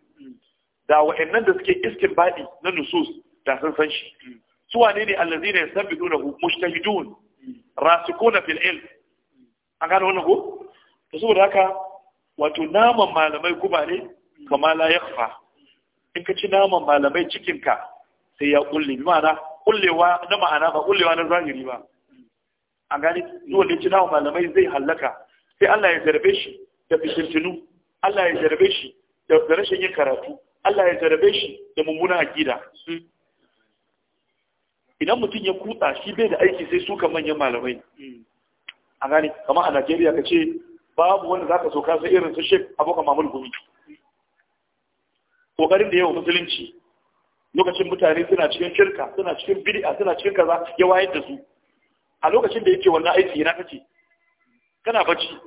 da wa'annan da suke iskin istinbadi na nusus da san san shi su wane ne allazina yasabbiduna mujtahidun rasikuna fil ilm an gano wannan ko to saboda haka wato naman malamai guba ne kama la yakfa in ka ci naman malamai cikinka sai ya kulle ma'ana kullewa na ma'ana ba kullewa na zahiri ba a gani zuwa da cina malamai zai hallaka sai Allah ya zarbe shi da fitintinu Allah ya zarbe shi da rashin yin karatu Allah ya zarbe shi da mummuna gida. idan mutum ya kutsa shi bai da aiki sai suka manyan malamai a gani kamar a Najeriya ka ce babu wanda zaka so ka sai irin su shek abokan Mamul Gumi kokarin da yawa musulunci lokacin mutane suna cikin kirka, suna cikin bid'a suna cikin kaza ya wayar da su a lokacin da yake wannan aiki yana kace kana bacci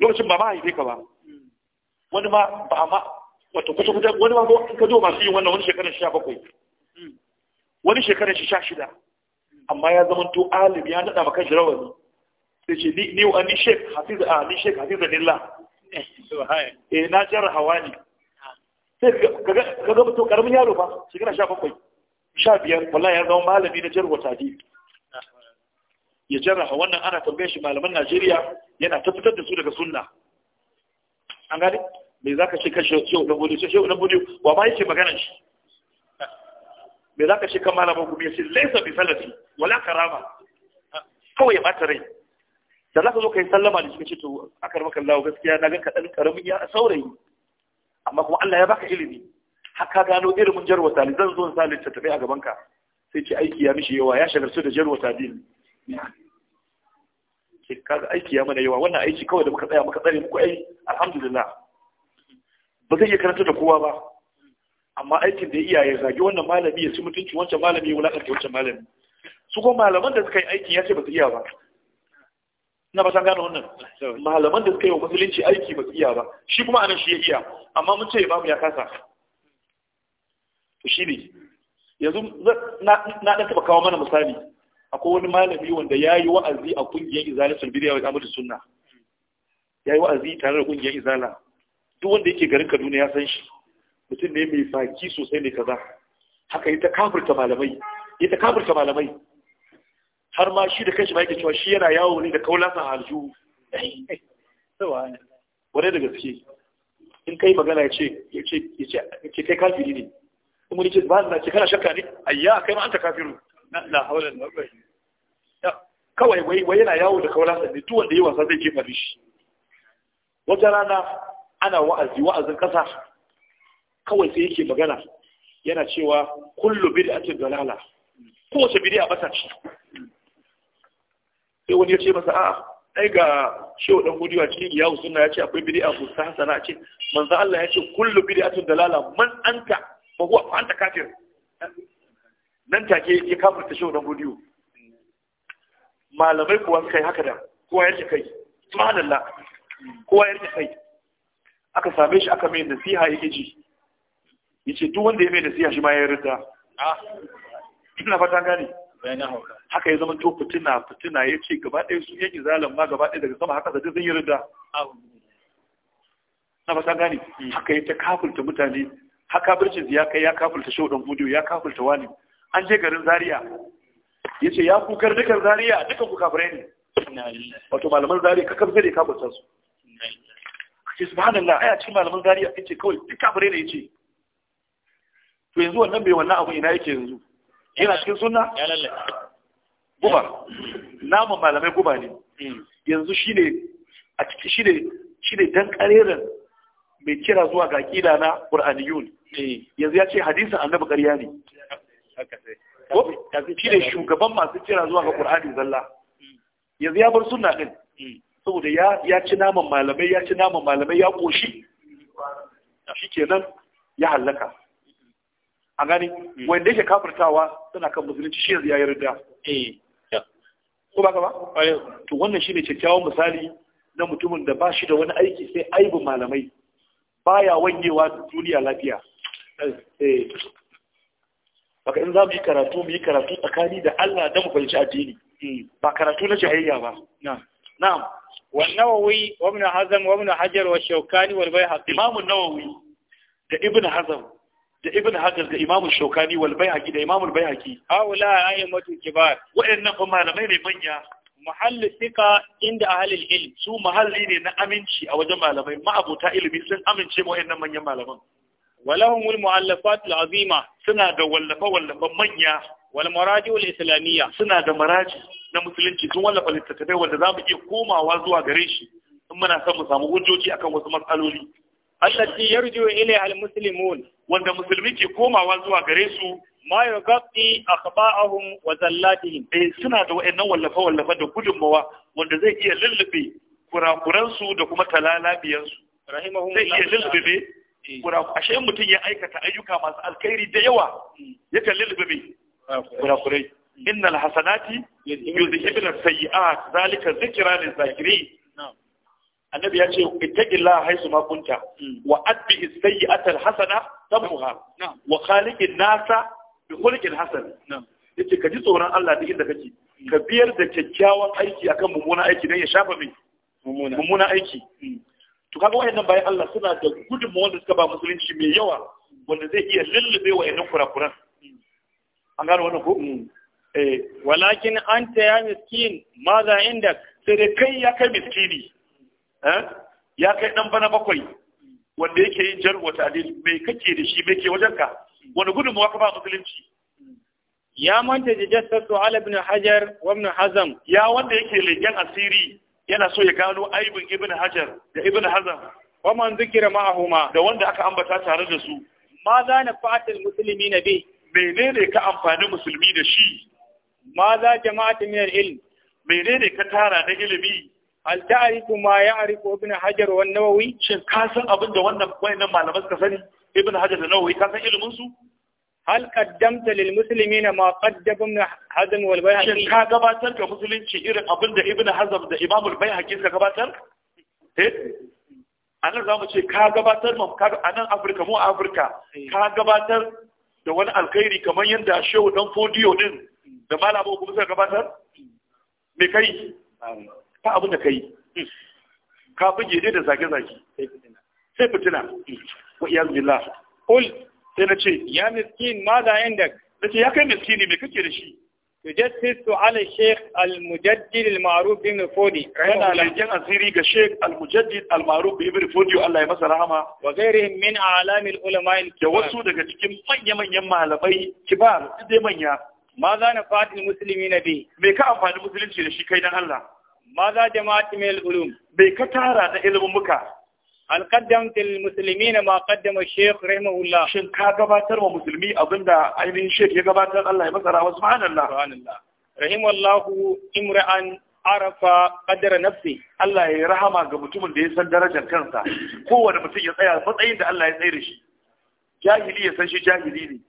lokacin ba ma haife ka ba wani ma ba ma wato kusa kusa wani ma in ka zo masu yin wannan wani shekarar sha bakwai wani shekarar sha shida amma ya zama to alim ya naɗa maka shi rawani sai ce ni ni ni shek hafiz a ni shek hafiz lillah eh na jarra hawani sai kaga kaga mutum karamin yaro fa shekara Sha biyar wallahi ya zama malami na wata biyu ya jarraha wannan ana tambayar shi malaman Najeriya yana ta fitar da su daga sunna an gane me zaka ce kan shehu dan bodiyo shehu dan bodiyo wa ba yake magana shi me zaka ce kan malaman gumi yace laysa bi salati wala karama kawai ya bata rai da zaka zo kai sallama da shi ce to akar maka Allah gaskiya na ga dan karamin ya saurayi amma kuma Allah ya baka ilimi haka gano irin mun jarwata zan zo in sa littattafai a gaban ka sai ce aiki ya mishi yawa ya shagartu da jarwata din ke kaga aiki ya mana yawa wannan aiki kawai da muka tsaya muka tsare muku ai alhamdulillah ba zai iya karanta da kowa ba amma aikin da iya ya zagi wannan malami ya ci mutunci wancan malami ya wulakanta wancan malami su kuma malaman da suka yi aikin ya ce ba su iya ba ina ba san wannan malaman da suka yi wa musulunci aiki ba su iya ba shi kuma anan shi ya iya amma mun ce imamu ya kasa to shi ne yanzu na ɗan taɓa kawo mana misali akwai wani malami wanda ya yi wa'azi a kungiyar izala sulbiriya wa amur sunna ya yi wa'azi tare da kungiyar izala duk wanda yake garin kaduna ya san shi mutum ne mai faki sosai ne kaza haka yi ta kafurta malamai yi ta kafurta malamai har ma shi da kashi ba yake cewa shi yana yawo ne da kaulasa alju wadai da gaske in kai magana ya ce ya ce kai kafiri ne in wani ce ba na ce kana shakka ne ayya kai ma an ta kafiru la haula la quwwata kawai wai wai yana yawo da kaula ne tu wanda yi wasa zai jefa shi wata rana ana wa'azi wa'azin kasa kawai sai yake magana yana cewa kullu bid'atin dalala kowace bid'a bata ce sai wani ya ce masa a'a ai ga shehu dan gudiwa cikin iyawu sunna ya ce akwai bid'a mustahsana ce manzo Allah ya ce kullu bid'atin dalala man anta fa huwa fa anta kafir nan take ya kafirta shi wannan godiyo malamai kuwa suka haka da kowa ya kai subhanallah kowa ya kai aka same shi aka mai nasiha yake ji yace duk wanda ya mai nasiha shi ma ya rinda ina fata gane haka ya zama to fitina fitina ya ce gaba ɗaya su yake izalan ma gaba ɗaya daga sama haka da zai yi rinda na fata gane hmm. haka ya ta kafulta mutane haka bircin ya kai ya kafulta shaudan budiyo ya kafulta wani an je garin Zariya. ya ce ya kukar dukan Zariya, dukan ku kafirai ne wato malaman Zariya kakan zai ka kafirta su ce subhanallah ai a cikin malaman Zariya sun ce kawai duk kafirai ne ya ce. to yanzu wannan bai wannan abu ina yake yanzu yana cikin suna? ya lalle guba namun malamai guba ne hmm. yanzu shine a cikin shine shine dan karerin mai kira zuwa ga kila na qur'aniyun eh. yanzu ya ce hadisin annabi ƙarya ne shi ne shugaban masu kira zuwa ga ƙur'ani zalla mm. yanzu ya bar sunna din mm. saboda ya ci naman malamai ya ci naman malamai ya ƙoshi mm. shi nan ya hallaka a gani wanda yake kafirtawa suna kan musulunci shi yanzu ya yi rida eh. ko ba ka ba to wannan shine kyakkyawan misali na mutumin da ba shi da wani aiki sai aibin malamai baya wangewa duniya lafiya baka in za mu yi karatu mu yi karatu tsakani da Allah da mu fahimci addini ba karatu na jahiliya ba na'am wa nawawi wa ibn hazm wa ibn hajar wa shawkani wal bayhaqi imam an-nawawi da ibn hazm da ibn hajar da imam shawkani wal bayhaqi da imam al-bayhaqi haula ayyamatu kibar wa'annan fa malamai ne manya mahalli thiqa inda al ilm su mahalli ne na aminci a wajen malamai ma'abuta ilimi sun amince mu wa'annan manyan malaman walahumul mu'allafatul azima suna da wallafa wallafa manya wal maraji'ul islamiyya suna da maraji na musulunci sun wallafa littattafai wanda za mu iya komawa zuwa gare shi in muna son mu samu hujjoji akan wasu matsaloli allati yarji'u ilayha al muslimun wanda musulmi ke komawa zuwa gare su ma yughatti akhba'ahum wa zallatihim eh suna da wayannan wallafa wallafa da gudunmawa wanda zai iya lullube kurakuransu da kuma talalabiyansu rahimahumullah zai iya lullube Eh. ashe mutum ya aikata ayyuka masu alkhairi da yawa hmm. ya kalli lubabe kurakurai hmm. innal hasanati sayi, sayyi'at zalika zikra lil zakirin annabi ya ce ittaqillaha haythu ma kunta hmm. wa atbi as-sayyi'ata al-hasana tamhuha wa khaliqin nasa bi khuluqin hasan yace ka ji tsoron Allah duk inda kake ka biyar da kyakkyawan aiki akan mummunan aiki dan ya shafa mai mummunan aiki to kaga wayannan bayan Allah suna da gudunmawar da suka ba musulunci mai yawa wanda zai iya lullube wayannan kurakuran an gano wannan ko hmm. eh walakin anta ya miskin maza inda sai dai kai ya kai miskini eh ya kai dan bana bakwai wanda yake yin jar wata adil me kake da shi me ke wajenka wani gudunmawa ka ba musulunci ya manta da su ala ibn hajar wa ibn hazam ya wanda yake leken asiri yana so ya gano aibin ibn hajar da ibn hazam wa man zikira ma'ahuma da wanda aka ambata tare da su ma za na fatil musulmi na bi menene ka amfani musulmi da shi ma za jama'atu min ilm menene ka tara da ilimi al ta'rifu ma ya'rifu ibn hajar wa nawawi shin ka san abin da wannan bayanan malaman suka sani ibn hajar da nawawi ka san ilimin su hal qaddamta lil na ma qaddama ibn hazm wal haƙi ka gabatar ga musulunci irin abinda ibn Hazam da imam bai haƙi suka gabatar eh? A nan za mu ce ka gabatar mu ka nan afirka mu afirka ka gabatar da wani alkhairi kamar yadda shehu dan fodiyo din da malamu kuma suka gabatar me kai ta abin da kai ka buge da zage zage sai fitina wa iyaz qul sai na ce ya miskin ma da yin da na ce ya kai miskini mai kake da shi to just to ala sheikh al-mujaddid al-ma'ruf bin fodi yana lajin asiri ga sheikh al-mujaddid al-ma'ruf bin fodi Allah ya masa rahama wa ghairihi min a'lam al-ulama da wasu daga cikin manya manyan malamai kibar da manya ma za na fadi musulmi na bi me ka amfani musulunci da shi kai dan Allah ma za jama'at min al ka tara da ilimin muka alƙaddam til musulmi na ma qaddama shaykh rahimahullah shin ka gabatar wa musulmi abinda ainihin shek ya gabatar Allah ya masa rahama subhanallah subhanallah rahimallahu imra'an arafa kadara nafsi Allah ya rahama ga mutumin da ya san darajar kansa kowane mutum ya tsaya matsayin da Allah ya tsaye da shi jahili ya san shi jahili ne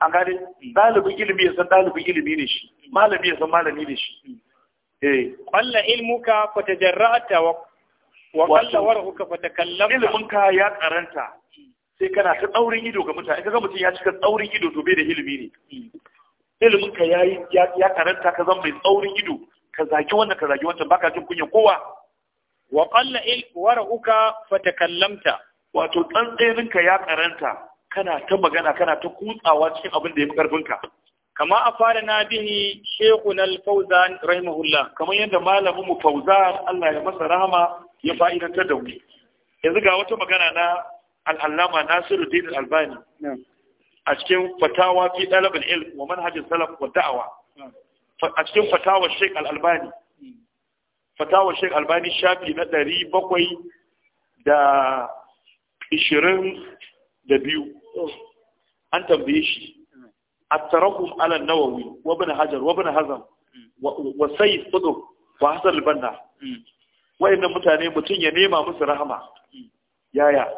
an gane dalibin ilimi ya san dalibin ilimi ne shi malami ya san malami ne shi eh qalla ilmuka fatajarra'ta wa ilimin ka ya karanta sai kana ta tsaurin ido ga mutane kaga mutum ya cika tsaurin ido to bai da ilimi ne ilimin ka ya ya karanta ka zan mai tsaurin ido ka zaki wannan ka zaki wancan baka jin kunya kowa wa qalla il warauka fatakallamta wato tsantsenin ka ya karanta kana ta magana kana ta kutsawa cikin abin da ya fi karfin ka kama a fara na bihi shekun alfauzan rahimahullah kamar yadda malamin mu fauzan Allah ya masa rahama ya fa'idantar da wuri yanzu ga wata magana na al'allama nasiru dinin albani a cikin fatawa fi ɗalibin ilm wa manhajin salaf wa da'awa a cikin fatawa sheik al'albani hmm. fatawa sheik albani shafi na ɗari bakwai da ishirin da biyu an tambaye shi hmm. a tarakun alan nawawi wa bin hajar wa bin hazam hmm. wa sai tsudu wa hasar banna nan mutane mutum ya nema musu rahama yaya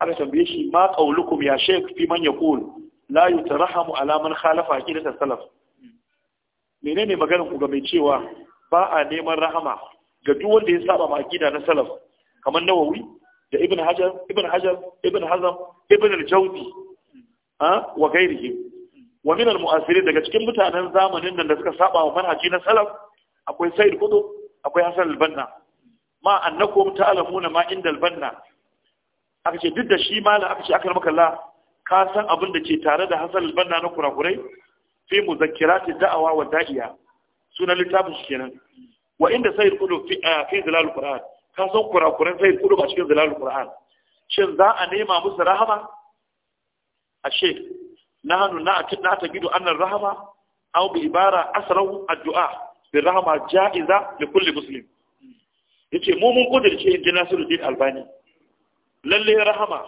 aka tambaye shi ma qaulukum ya shaykh fi man yaqul la yutarahamu ala man khalafa aqidat salaf menene maganar ku ga mai cewa ba a neman rahama ga duk wanda ya saba ma aqida na salaf kamar nawawi da ibn hajar ibn hajar ibn hazm ibn al-jawzi ha wa ghairihim wa min al-mu'asirin daga cikin mutanen zamanin nan da suka saba wa manhaji na salaf akwai sayyid qutb akwai hasan albanna ma annakum ta'lamuna ma inda albanna aka ce duk da shi mala aka ce aka maka la ka san abin da ke tare da hasan albanna na kurakurai fi muzakkirati da'awa wa da'iya sunan littafin shi kenan wa inda sayyid kudu fi eh, zilal qur'an ka san kurakuran sayyid kudu a cikin zilal qur'an shin za a nema musu rahama ashe nahnu na'tiqidu anna rahama aw bi ibara asrahu addu'a bin rahama ja'iza da kulle muslim yace mu mun kudirce in ji Nasiruddin Albani lalle rahama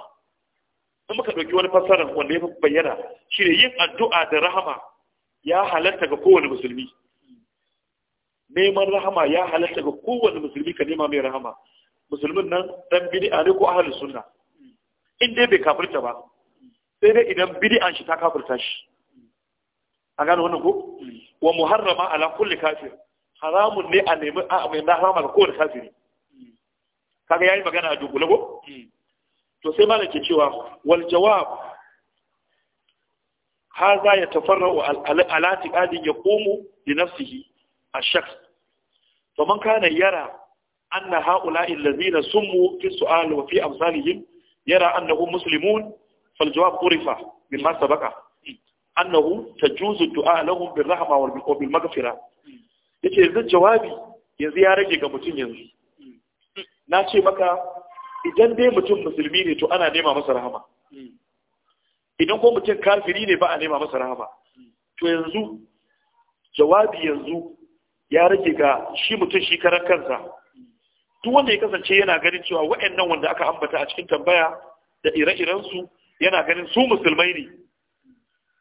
in muka dauki wani fassara wanda ya bayyana shine yin addu'a da rahama ya halatta ga kowane musulmi neman rahama ya halatta ga kowane musulmi ka nema mai rahama musulmin nan dan bid'a ne ko ahlus sunna in dai bai kafirta ba sai dai idan bid'an shi ta kafirta shi A gano wannan ko wa muharrama ala kulli kafir haramun ne a nemi a mai na harama ga kowane kafiri kaga yayi magana a dunkule ko to sai malam ke cewa wal jawab haza ya tafarra'u ala tiqadi komu li nafsihi ash-shakhs to man kana yara أن هؤلاء الذين سموا في السؤال وفي أمثالهم Fal أنهم kurifa, فالجواب عرف مما سبق annahu tajuzu du'a lahum bil rahma wal bil maghfira yace yanzu jawabi yanzu ya rage ga mutum yanzu na ce maka idan dai mutum musulmi ne to ana nema masa rahama idan ko mutum kafiri ne ba a nema masa rahama to yanzu jawabi yanzu ya rage ga shi mutum shi karan kansa duk wanda ya kasance yana ganin cewa wa'annan wanda aka ambata a cikin tambaya da ire iren su yana ganin su musulmai ne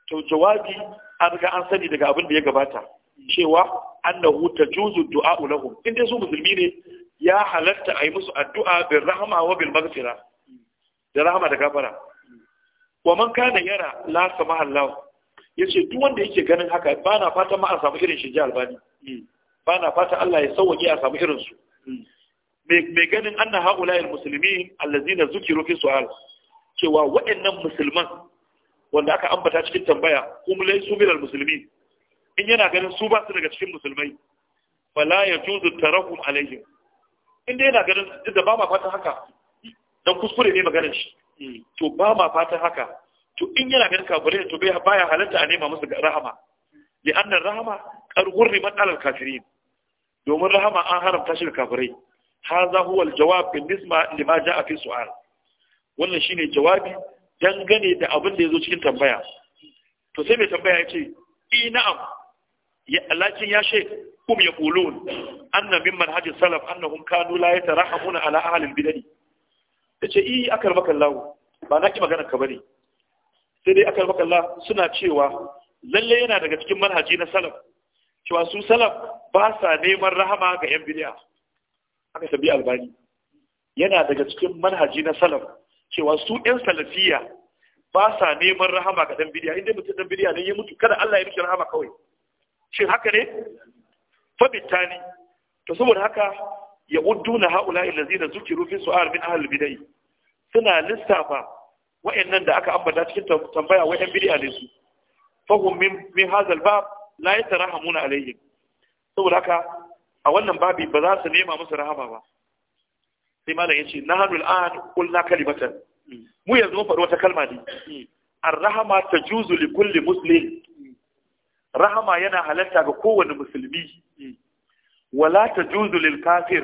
to jawabi an riga an sani daga abin da ya gabata cewa annahu tajuzu du'a lahum in dai su musulmi ne ya halatta a yi musu addu'a bil rahama wa bil maghfira da rahama da gafara wa man kana yara la samaha Allah yace duk wanda yake ganin haka ba na fata ma a samu irin shi ji albani ba na fata Allah ya sauwaje a samu irin su mai ganin anna haula al muslimin allazina zukiru fi su'al cewa waɗannan musulman wanda aka ambata cikin tambaya kuma lai su minal musulmi in yana ganin su ba su daga cikin musulmai fala ya juzu tarahum alaihim in dai yana ganin da ba ma fatan haka dan kuskure ne maganar shi to ba ma fatan haka to in yana ganin kafirai to bai baya halatta a nema musu rahama li anna rahama qarhur liman alal kafirin domin rahama an haramta shi ga kafirai hadha huwa al jawab bin nisma lima jaa fi su'al wannan shine jawabi dangane da abin da ya zo cikin tambaya to sai mai tambaya ya ce i na'am lakin ya she kum ya kulun anna min manhajin salaf annahum kanu la yatarahamuna ala ahlil bidani yace i akal makallahu ba na ki magana ka bane sai dai akal makallahu suna cewa lalle yana daga cikin manhaji na salaf cewa su salaf ba sa neman rahama ga yan bid'a aka tabi albani yana daga cikin manhaji na salaf cewa su ɗan salafiya ba sa neman rahama ga ɗan bidiya inda mutum ɗan bidiya ne ya mutu kada Allah ya mishi rahama kawai shin haka ne fabittani to saboda haka ya udduna haula allazina zukiru fi su'al min ahli bidai suna lissafa wayannan da aka ambata cikin tambaya wayan biriya ne su fahum min min hazal bab la yatarahamuna alaihim saboda haka a wannan babi ba za su nema musu rahama ba sai malam ya ce na hannu an kulla kalimatan mu yanzu mu faɗi wata kalma ne arrahama ta juzu li kulli muslim rahama yana halatta ga kowane musulmi wala ta juzu lil kafir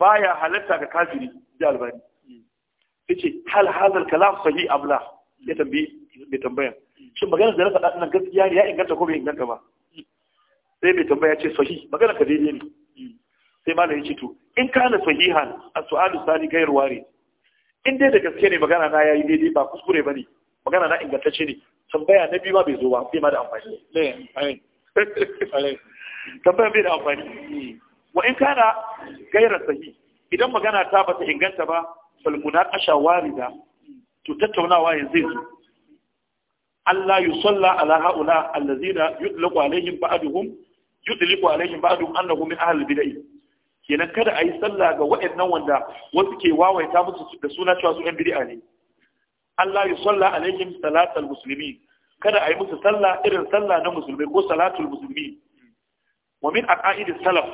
baya halatta ga kafiri da albani yace hal hadal kalam sahi abla ya tambi bai tambaya shin maganar da rasa faɗa gaskiya ne ya inganta ko bai inganta ba sai bai tambaya ce sahi magana ka daidai ne sai malam ya ce to in kana sahihan as-su'alu sani gairu wari in dai da gaske ne magana na yayi daidai ba kuskure bane magana na ingantacce ne tambaya na biyu ma bai zo ba sai ma da amfani tambaya bai da amfani wa in kana gairar sahi idan magana ta bata inganta ba falmuna kasha warida to tattaunawa yanzu zai zo Allah yusalla ala haula allazina yudlaqu alaihim ba'duhum yudlaqu alaihim ba'duhum annahum min ahli bid'ah kenan kada a yi sallah ga waɗannan wanda wasu ke wawaita musu da suna cewa su ‘yan bid'a ne Allah ya salla alaihim salatul musulmi kada a yi musu sallah irin sallah na musulmi ko salatul musulmi wa min aqaidi salaf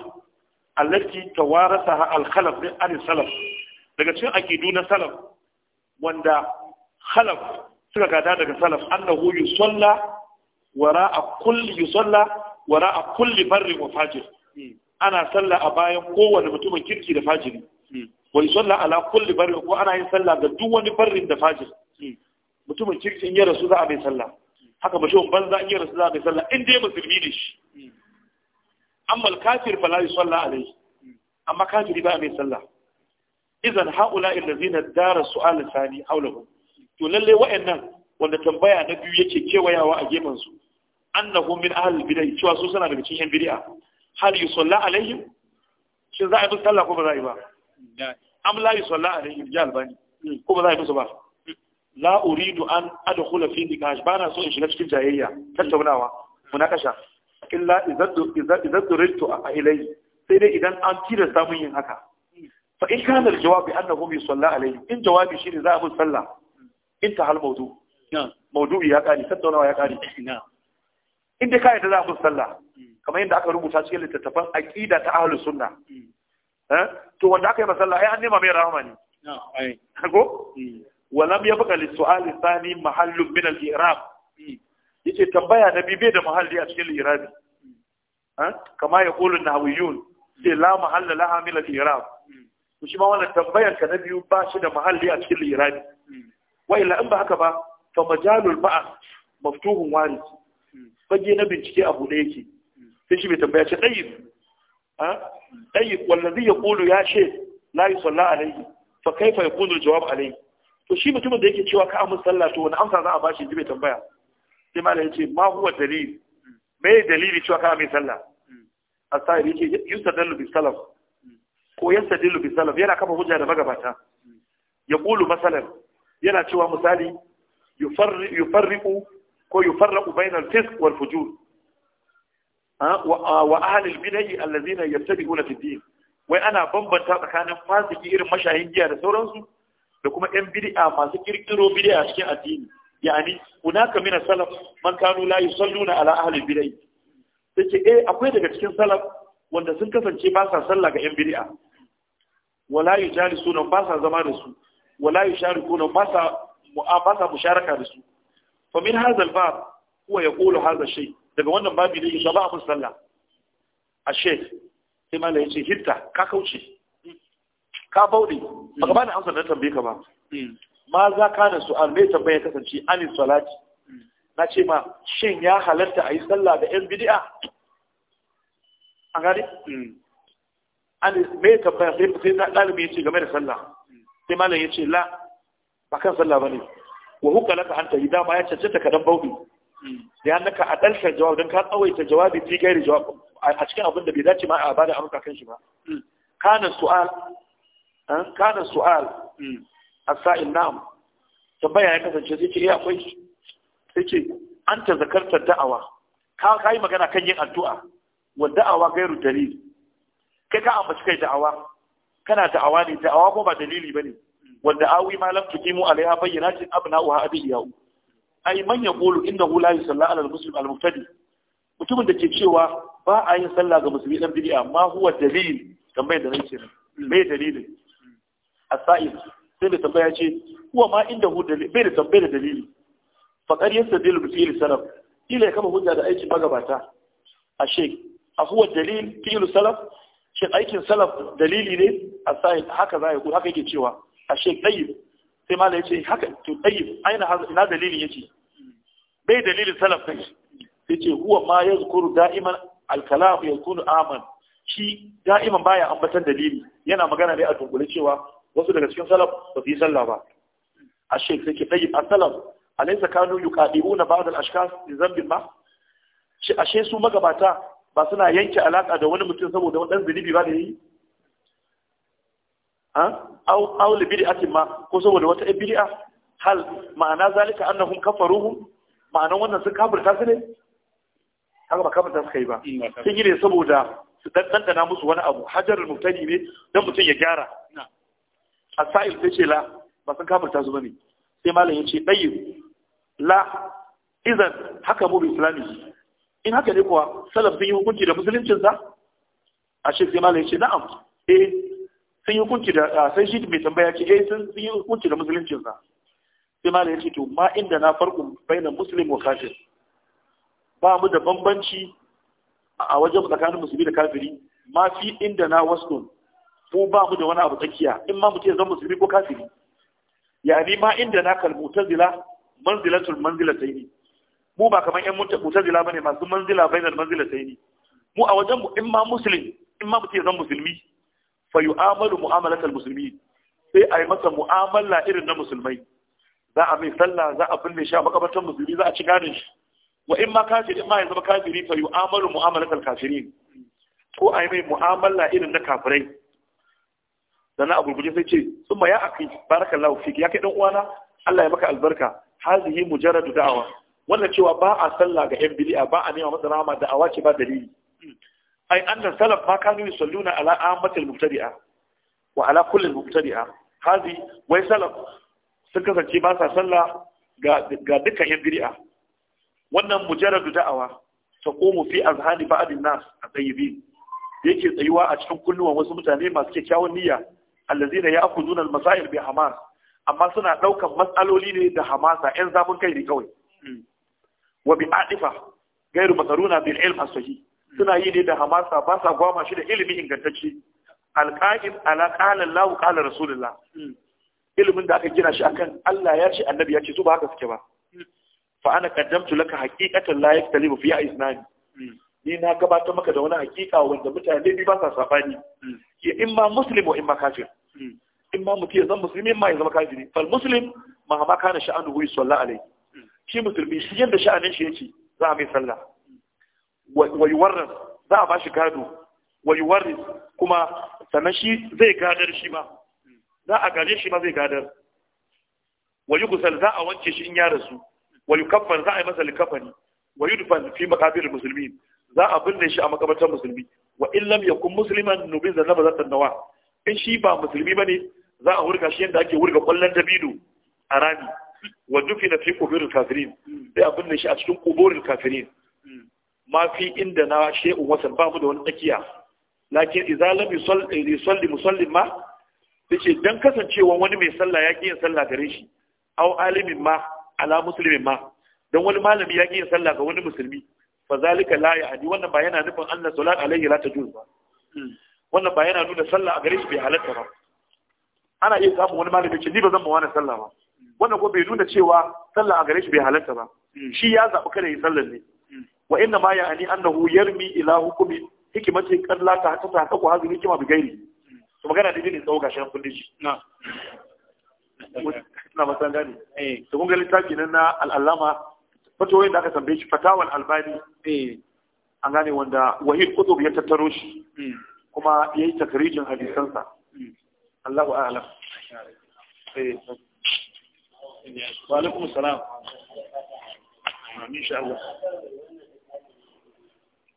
allati tawarasaha al-khalaf min an salaf daga cikin aqidu na salaf wanda khalaf suka gada daga salaf annahu yusalla wara'a kulli yusalla wara'a kulli barri wa fajir ana sallah a bayan kowane mutumin kirki da fajiri hmm. wai sallah ala kulli barri ko ana yin sallah ga duk wani barrin da fajir hmm. mutumin kirki in ya rasu za a bai sallah haka ba shawun banza in ya rasu za a bai sallah in dai musulmi ne shi hmm. amma kafir fa la sallah alai, amma kafiri ba a mai sallah idan haula allazina dara su'al thani haulahu to lalle wa'annan wanda tambaya na biyu yake kewayawa a gemansu. su annahum min ahli bid'ah cewa su suna daga cikin bid'a هل يصلى عليهم شي زعيب صلى كوبا زعيبا ام لا يصلى عليهم جال باني كوبا زعيب صبا لا اريد ان ادخل في نقاش بانا سو ان شلف في جاهيا تتوناوا مناقشه الا اذا اذا اذا دريت الي سيدا اذا ان تير سامين ين هكا فان كان الجواب انهم يصلى عليهم ان جوابي شي زعيب صلى انت هل موضوع نعم. موضوع يا قاري تتوناوا يا قاري نعم inda kai da za ku sallah kamar yadda aka rubuta cikin littattafan aqida ta ahlus sunna eh to wanda aka yi masalla ai an nema mai rahama ne ko walam yabqa lis-su'ali thani mahallun min al-i'rab yace tambaya na bibe da mahalli a cikin al-i'rabi kamar ya kullu an-nahwiyun sai la mahalla laha min al-i'rab to shi ma wannan tambayar ka na biyu ba shi da mahalli a cikin al-i'rabi wa illa in ba haka ba fa majalul ba'a maftuhun warid fage na bincike abu da yake sai shi bai tambaya ce ɗayin ɗayin wallazi ya kulu ya ce la yi sallah alaihi fa kaifa ya kulu jawab alaihi to shi mutumin da yake cewa ka amin sallah to wani amsa za a bashi ji bai tambaya sai malam ya ce ma huwa dalil me dalili cewa ka amin sallah asai yake yustadallu bi salaf ko yastadallu bi salaf yana kafa hujja da magabata ya kulu masalan yana cewa misali yufarriqu ko yufarraqu bainal fisq wal fujur wa ahlul bid'ah allazina yattabi'una fi din wai ana bambanta tsakanin fasiki irin mashayin giya da sauransu da kuma yan bid'a masu kirkiro bid'a cikin addini yani hunaka min salaf man kanu la yusalluna ala ahlul bid'ah take eh akwai daga cikin salaf wanda sun kasance ba sa sallah ga yan bid'a wala yujalisuna ba sa zama da su wala yusharikuna ba sa mu'abasa musharaka da su fa min hadha al-bab huwa yaqulu hadha shay' daga wannan babi da isha ba a musu sallah a shek sai mala ya ce hitta ka kauce ka bauɗe ba ka bani amsa na tambaye ka ba ma za ka da su'al mai tambaye kasance anin salati na ce ma shin ya halatta a yi sallah da yan bidi'a a gani an mai tambaya sai ɗalibi ya ce game da sallah sai malam ya ce la ba kan sallah ba ne wa hukka laka hanta tafi dama ya cancanta ka dan bauɗe ya naka a ɗarka jawabi don ka tsawaita jawabi fi gairi jawabi a cikin abin da bai dace ma a ba da amurka kan shi ba kana su'al kana su'al asa'il na'am tambaya ya kasance sai ce ya eh, akwai sai ce an ta zakartar da'awa ka kai magana kan yin addu'a wa da'awa gairu dalil kai ka ambaci kai da'awa kana da'awa ne da'awa ko ba dalili bane wanda awi ma lam tuqimu alaiha bayyinatin abin abiyahu ai man yaqulu inda la yusalla ala al-muslim al muftadi mutumin da ke cewa ba a yin sallah ga musulmi dan bid'a ma huwa dalil tambayar da nake me dalilin as sai da tambaya ce huwa ma inda hu dalil bai da tambayar da dalili faqad yastadil bi fi'l salaf ila kama hujja da aikin magabata a sheik a huwa dalil fi'l salaf shin aikin salaf dalili ne Asa'i, haka za ya ku haka yake cewa a sheik tayyib sai malai ya ce haka to ayi aina ina dalilin yace bai dalilin salaf kai sai ce huwa ma yazkuru da'iman al-kalam yakunu aman shi da'iman baya ambatan dalili yana magana ne a dunkule cewa wasu daga cikin salaf ba su yi sallah ba a shek sai ke tsayi as-salaf alaysa kanu yuqadiuna ba'd al ashkas bi dhanbin ma shi ashe su magabata ba suna yanke alaka da wani mutum saboda wani dan zunubi ba da yi au au li bid'atin ma ko saboda wata bid'a hal ma'ana zalika annahum kafaruhum ma'anan wannan sun kafirta su ne haka ba kafirta suka kai ba Kin yi ne saboda su dandana musu wani abu hajarul mutani ne dan mutum ya gyara a sa'il sai ce la ba sun kafirta su bane sai malam ya ce dayyib la idan haka mu bi islami in haka ne kuwa salaf sun yi hukunci da musuluncinsa a shi sai malam ya ce na'am eh sun yi hukunci da sai shi mai tambaya ce eh sun yi hukunci da musuluncin sa sai ma ya ce to ma inda na farko baina muslim wa kafir ba mu da bambanci a wajen tsakanin musulmi da kafiri ma fi inda na wasu ko ba mu da wani abu tsakiya in ma mutum zan musulmi ko kafiri yani ma inda na kal zila manzilatul manzilataini mu ba kamar yan mutazila bane masu manzila bainal manzilataini mu a wajen mu in ma muslim in ma mutum zan musulmi fa yu'amalu mu'amalatal muslimin sai a yi masa mu'amala irin na musulmai za a mai sallah za a binne shi a makabartan musulmi za a ci gadon shi wa in ma kafiri in ma ya zama kafiri fa yu'amalu mu'amalatal kafirin ko a yi mai mu'amala irin na kafirai dan a gurguje sai ce sun ya aki barakallahu fiki ya kai dan uwana Allah ya maka albarka hazihi mujarradu da'awa wannan cewa ba a sallah ga yan bid'a ba a nema masa rahama da'awa ce ba dalili ai anna salaf ma kanu yusalluna ala ammatil mubtadi'a wa ala kulli mubtadi'a hazi wai salaf sun kasance ba sa sallah ga ga dukkan yan bid'a wannan mujarradu da'awa taqumu fi azhani a nas at-tayyibin yake tsayuwa a cikin kunnuwan wasu mutane masu kyakkyawan niyya allazina ya'khuduna al-masail bi hamas amma suna daukan matsaloli ne da hamasa yan zafin kai ne kawai wa bi adifa gairu masaruna bil ilm as suna yi ne da hamasa ba sa gwama shi da ilimi ingantacce alqa'im ala qala Allah qala rasulullah ilimin da aka gina shi akan Allah ya ce annabi ya ce su ba haka suke ba fa ana qaddamtu laka haqiqatan la yaktalibu fiha isnani ni na gabata maka da wani hakika wanda mutane bi ba sa sabani ya imma muslim wa imma kafir imma mutum ya zama musulmi imma ya zama kafiri fal muslim ma ma kana hu sallallahu alaihi shi musulmi shi yanda sha'anin shi yake za a mai sallah wa za a bashi gado wa kuma sannan shi zai gadar shi ma za a gaje shi ma zai gadar wayu yugusal za a wanke shi in ya rasu wayu yukaffar za a yi masa likafani wayu dufan fi maqabir musulmi. za a binne shi a makabartar musulmi wa in lam yakun musliman nubiza nabazatan nawa in shi ba musulmi ba ne? za a hurga shi yadda ake hurga kwallon dabino a rami wa dufina fi quburil kafirin sai a binne shi a cikin quburil kafirin ma fi inda na shay'un wasan ba mu da wani tsakiya lakin idza lam yusalli musallin ma dace dan kasancewa wani mai sallah ya ki yin sallah gare shi aw alimin ma ala muslimin ma dan wani malami ya ki yin sallah ga wani musulmi fa zalika la ya'ni wannan ba yana nufin Allah salat alayhi la tajuz ba hmm. wannan ba yana nuna sallah a gare shi bai halatta ba ana iya samun wani malami ce ni ba zan ba wani sallah ba hmm. wannan ko bai nuna cewa sallah a gare shi bai halatta ba hmm. shi ya zaɓi kada yi sallar ne wa inna ma ya'ni annahu yarmi ila hukumi hikimati ta ta ta haqqu hazu hikma bi gairi to magana da dinin tsawo gashin kun dishi na na matan gani eh to kun ga littafi nan na al-allama fatoyin wanda aka tambaye shi fatawan albani eh an gane wanda wahid kutub ya tattaro shi hmm. kuma yayi takrijin hadisansa hmm. Allahu a'lam eh wa alaikum assalam ان شاء الله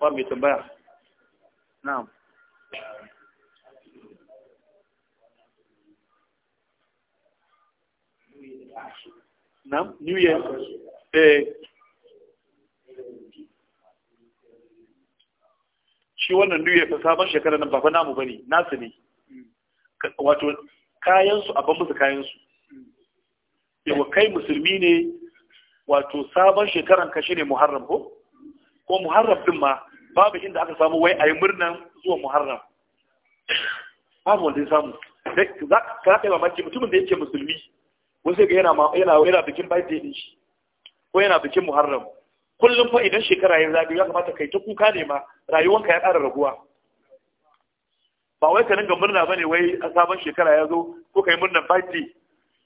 ba mai tambaya na'am na'am new year eh shi wannan new year fa sabon shekarar nan ba fa namu bane nasu ne wato kayan su abin musu kayan su yawa kai musulmi ne wato sabon shekaran ka shine muharram ko ko muharram din ma babu inda aka samu wai a yi murnan zuwa muharram babu wanda ya samu za ka kai mamaki mutumin da yake musulmi wasu ga yana yana bikin birthday din shi ko yana bikin muharram kullum fa idan shekara ya zabi ya kamata kai ta kuka ne ma rayuwanka ya ƙara raguwa ba wai ka dinga murna bane wai a sabon shekara ya zo ko kai murnan birthday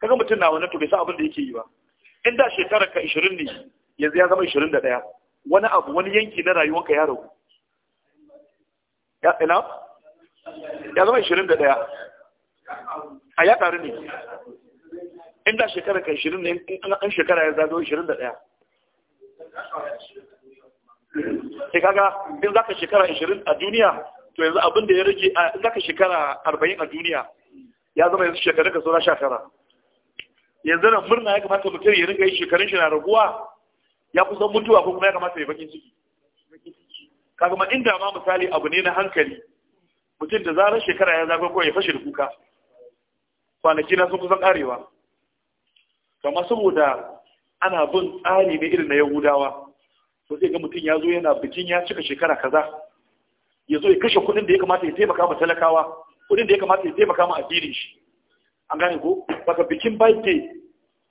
kaga mutum na wannan to bai san abin da yake yi ba in da shekarar ka 20 ne yanzu ya zama 21 wani abu wani yanki na rayuwanka ya ragu ya ina ya zama 21 a ya ƙari ne inda shekara kan 20 ne in shekara ya da 21 sai kaga in zaka shekara 20 a duniya to yanzu abin da ya rage in zaka shekara 40 a duniya ya zama yanzu shekara ka saura shekara yanzu nan murna ya kamata mutum ya rinka yi shekarun shi na raguwa ya kusan mutuwa ko kuma ya kamata ya bakin ciki kaga ma inda ma misali abu ne na hankali mutum da zarar shekara ya zafi kawai ya fashe da kuka kwanaki na sun kusan karewa kamar saboda ana bin tsari ne irin na yahudawa to sai ga mutum ya zo yana bikin ya cika shekara kaza ya zo ya kashe kuɗin da ya kamata ya taimaka ma talakawa kuɗin da ya kamata ya taimaka ma addinin shi an gane ko baka bikin birthday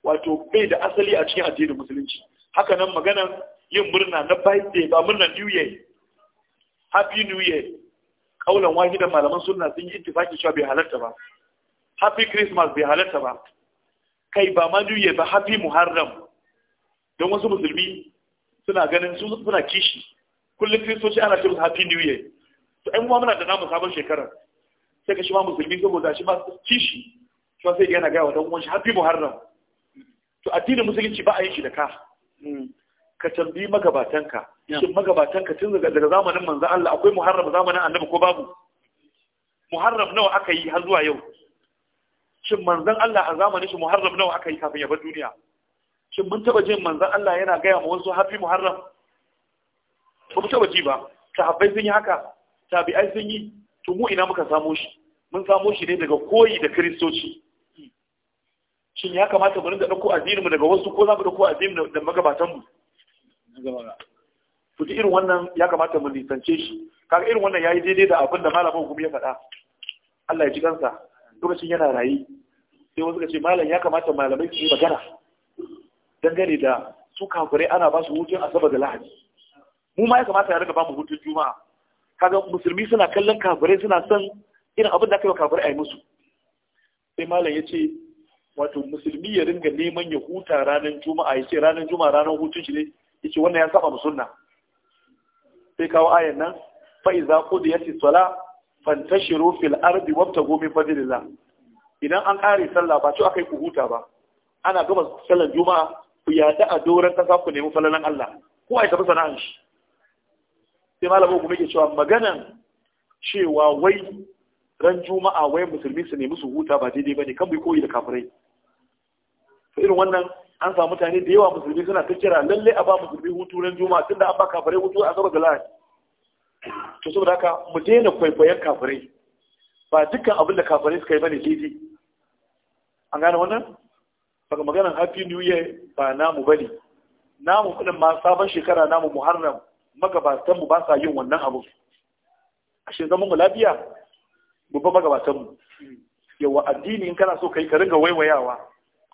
wato bai da asali a cikin addinin musulunci haka nan maganar yin murna na birthday ba murnar new year happy new year kaulan wahidan malaman sunna sun yi ittifaki cewa bai halarta ba happy christmas bai halarta ba kai ba ma new year ba happy muharram don wasu musulmi suna ganin suna kishi kullum kristoci ana ce happy new year to ai muna da namu sabon shekarar, sai ka shi ma musulmi saboda shi ma kishi shi ma sai yana gaya wa ɗan uwan shi happy muharram to addinin musulunci ba a yi shi da ka hmm. ka tambayi magabatanka shin magabatanka tun daga zamanin manzo Allah akwai muharram zamanin annabi ko babu muharram nawa aka yi har zuwa yau shin manzon Allah a zamanin shi muharram nawa aka yi kafin ya bar duniya shin mun taba jin manzon Allah yana gaya ma wasu hafi muharram ba mu taba ji ba sahabbai sun yi haka tabi'ai sun yi to mu ina muka samo shi mun samo shi ne daga koyi da kristoci shin ya kamata mu rinda dauko addininmu mu daga wasu ko za mu dauko addininmu da magabatan mu to irin wannan ya kamata mu nisance shi kaga irin wannan yayi daidai da abin da malamin kuma ya faɗa Allah ya ji kansa lokacin yana rayi sai wasu ce malam ya kamata malamai su yi magana dangane da su kafirai ana ba su hutun asabar da lahadi mu ma ya kamata ya riga ba mu hutun juma'a kaga musulmi suna kallon kafirai suna son irin abin da aka yi wa kafirai a yi musu sai malam ya ce wato musulmi ya ringa neman ya huta ranar juma'a ya ce ranar juma'a ranar hutun shi ne yace wannan ya saba mu sunna sai kawo ayan nan fa iza qudiyatis sala fantashiru fil ardi wabtagu min fadlillah idan an kare sallah ba to akai ku huta ba ana gama sallar juma'a ku yada a doran kasa ku nemi falalan Allah ko ai tafi sana'an shi sai malamin ku muke cewa maganan cewa wai ran juma'a wai musulmi su nemi su huta ba daidai bane kan bai koyi da kafirai irin wannan an samu mutane da yawa musulmi suna ta kira lalle a ba musulmi hutu ran juma'a tunda an ba kafare hutu a saboda lahadi to saboda haka mu daina kwaikwayon kafare ba dukkan abin da kafare suka yi bane daidai an gane wannan daga maganar happy new year ba namu bane namu kudin ma sabon shekara namu muharram magabatan mu ba sa yin wannan abu ashe zaman mu lafiya mu ba magabatan mu yawa addini in kana so kai ka ringa waiwayawa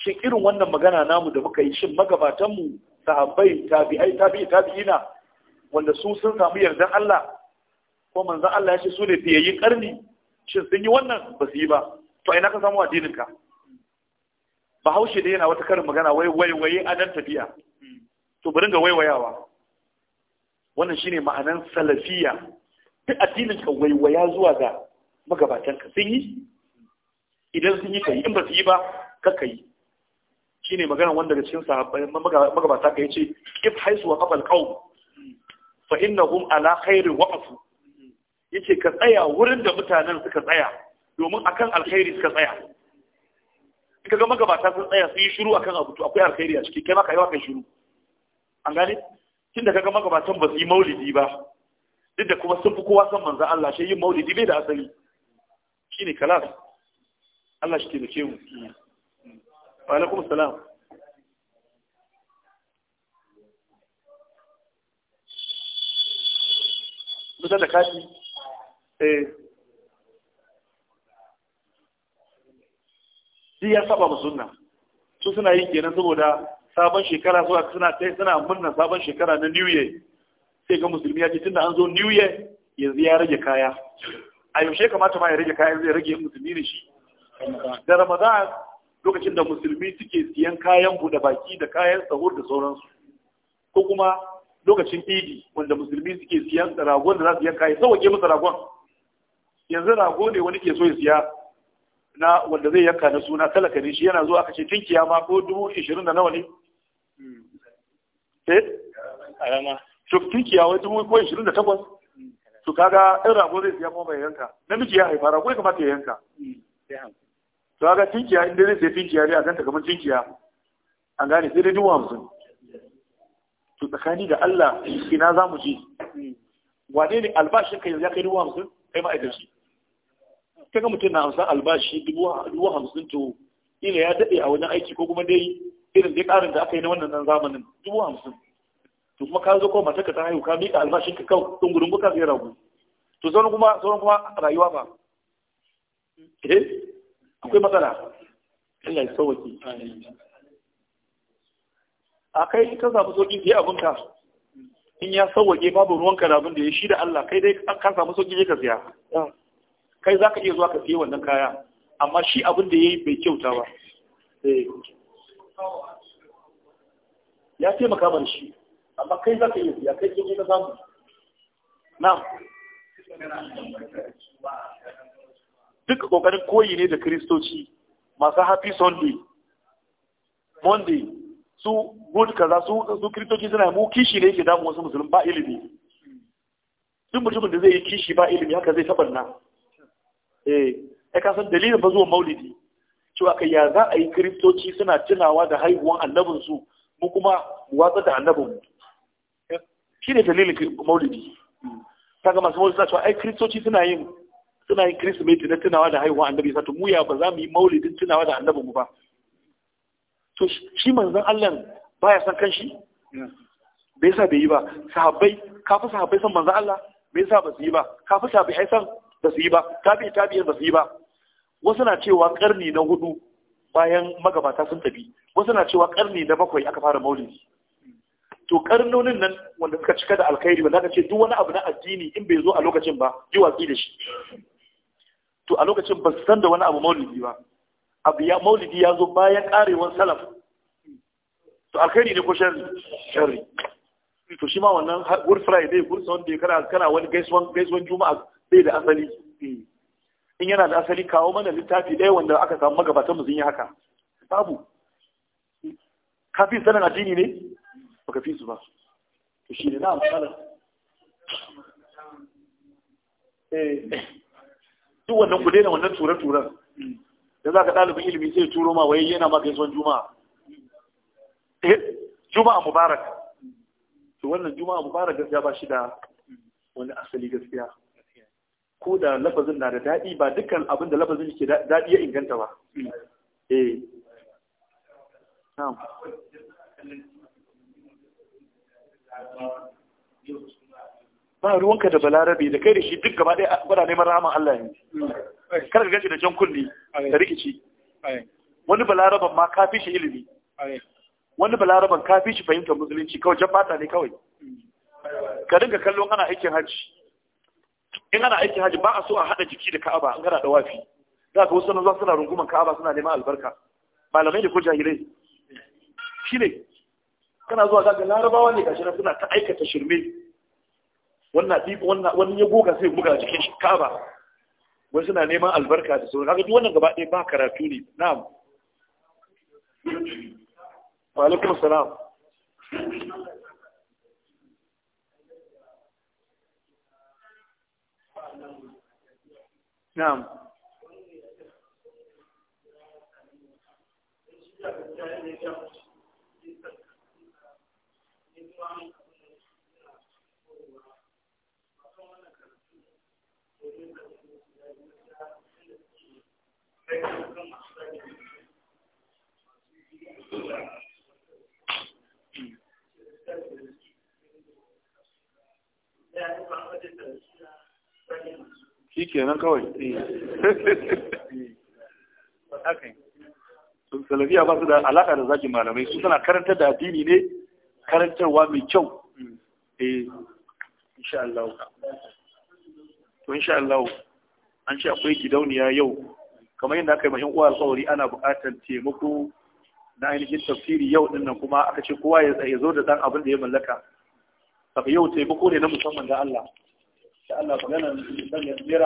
shin irin wannan magana namu da muka yi shin magabatanmu sahabbai tabi'ai tabi'i tabi'ina wanda su sun samu yardan Allah ko manzon Allah ya ce su ne fiyayyin karni shin sun yi wannan ba su yi ba to ina ka samu addinin ka bahaushe da yana wata karin magana wai waiwaye dan tafiya to bari ga waiwayawa wannan shine ma'anan salafiya duk addinin ka waiwaya zuwa ga magabatan ka sun yi idan sun yi kai in ba su yi ba kakka yi shine magana wanda daga cikin magabata ka yace if haisuwa kafal kawo fa fa innahum ala khairin waqafu yace ka tsaya wurin da mutanen suka tsaya domin akan alkhairi suka tsaya in ga magabata sun tsaya sun yi shiru akan abu to akwai alkhairi a ciki kai ma kai wa shiru an gane tunda ga magabatan ba su yi maulidi ba duk da kuma sun fi kowa san manzan Allah shi yin maulidi bai da asali shine kalas Allah shi ke da mu وعليكم السلام salam fitar da kati eh shi ya saba mu sunna su suna yi kenan saboda sabon shekara zuwa suna kai suna murna sabon shekara na new year sai ga musulmi ya ce tunda an zo new year yanzu ya rage kaya a yaushe kamata ma ya rage kaya zai rage musulmi ne shi da ramadan lokacin da musulmi suke siyan kayan buɗe baki da kayan sahur da sauransu ko kuma lokacin idi wanda musulmi suke siyan ragon da za su yanka ya sauke masa ragon yanzu rago ne wani ke so ya siya na wanda zai yanka na suna talaka ne shi yana zo aka ce tun ma ko dubu ishirin da nawa ne eh arama to tinkiya dubu ko ishirin da takwas hmm. to kaga in rago zai siya kuma bai yanka namiji ya haifa rago ya kamata ya yanka hmm. to ga tinkiya inda zai sai tinkiya ne a kanta kamar tinkiya an gane sai dai dubu hamsin to tsakani da Allah ina za mu je wane ne albashin ka yanzu ya kai dubu hamsin kai ma'aikaci ta ga mutum na amsa albashi dubu hamsin to ila ya daɗe a wajen aiki ko kuma dai irin dai ƙarin da aka yi na wannan nan zamanin dubu hamsin to kuma ka zo ko mata ka ta haihu ka miƙa albashin ka kawai ɗungurin buka zai ragu to sauran kuma sauran kuma rayuwa ba eh akwai matsala Allah ya sauwaki a kai ka samu sauki fiye abinka in ya sauwake babu ruwan da abin da ya shi da Allah kai dai ka samu sauƙi ka siya kai za ka iya zuwa ka siya wannan kaya amma shi abin da ya yi bai kyauta ba eh. ya taimaka makamar shi amma kai za ka iya siya kai kin ka samu na duka kokarin koyi ne da kristoci masu happy sunday monday su good kaza su su kristoci suna mu kishi ne yake damu wasu musulun ba ilimi duk mutumin da zai yi kishi ba ilimi haka zai na eh ai ka san dalilin ba zuwa maulidi cewa kai ya za a yi kristoci suna tunawa da haihuwan annabin su mu kuma watsa da annabin mu shi ne dalilin maulidi kaga masu maulidi suna cewa ai kristoci suna yin suna yin kirsimeti na tunawa da haihuwa annabi sato mu ya ba za mu yi maulidin tunawa da annabi mu ba to shi manzon Allah baya san kanshi bai sa bai yi ba sahabbai kafi sahabbai san manzon Allah bai sa ba su yi ba sahabbai ai san ba su yi ba tabi'i tabi'in ba su yi ba wasu na cewa karni na hudu bayan magabata sun tafi wasu na cewa karni na bakwai aka fara maulidi to karnonin nan wanda suka cika da alkhairi wanda aka ce duk wani abu na addini in bai zo a lokacin ba yi watsi da shi to a lokacin ba su san da wani abu maulidi ba abu ya maulidi ya zo bayan karewar salaf to alkhairi ne ko sharri sharri to shi ma wannan good friday good sunday kana kana wani gaisuwan gaisuwan juma'a bai da asali eh. in yana da asali kawo mana littafi ɗaya wanda aka samu magabatan mu sun yi haka babu kafin sanin addini ne baka fi su ba to shi ne na amsala eh duk wannan ku daina wannan ture turan da za ka ɗalibin ilimi sai turo ma waye yana maka yason juma'a eh, juma'a mubarak to wannan juma'a mubarak gaskiya ba shi da wani asali gaskiya ko da lafazin na da daɗi ba dukkan abin da lafazin ke daɗi ya inganta ba eh na'am ba ruwanka da balarabe da kai da shi duk gaba ɗaya gwada neman rahama Allah ne kar ka gashi da jan kulli da rikici wani balaraban ma ka fi shi ilimi wani balaraban ka fi shi fahimtar musulunci kawai jan fata ne kawai mm. ka dinga kallon ana aikin hajji in ana aikin hajji ba a so a haɗa jiki da ka'aba in kana da wafi za ka wasu zuwa suna runguman ka'aba suna neman albarka malamai ne ko jahilai shi ne kana zuwa zaga larabawa ne gashi suna ta aikata shirme wannan wannan wani ya goga sai buga jikin shi kaba wai suna neman albarka da sauran haka duk wannan gaba ɗaya ba karatu ne na'am wa alaikum salam na'am Thank you. shi kenan kawai salafiya ba su da alaƙa da zagin malamai su suna karanta da addini ne karantarwa mai kyau eh insha Allah to insha Allah an ce akwai gidauniya yau kamar yadda aka yi mashin uwa alƙawari ana buƙatar taimako na ainihin tafsiri yau ɗin nan kuma aka ce kowa ya zo da dan abin da ya mallaka saka yau taimako ne na musamman da Allah da Allah maganar da ya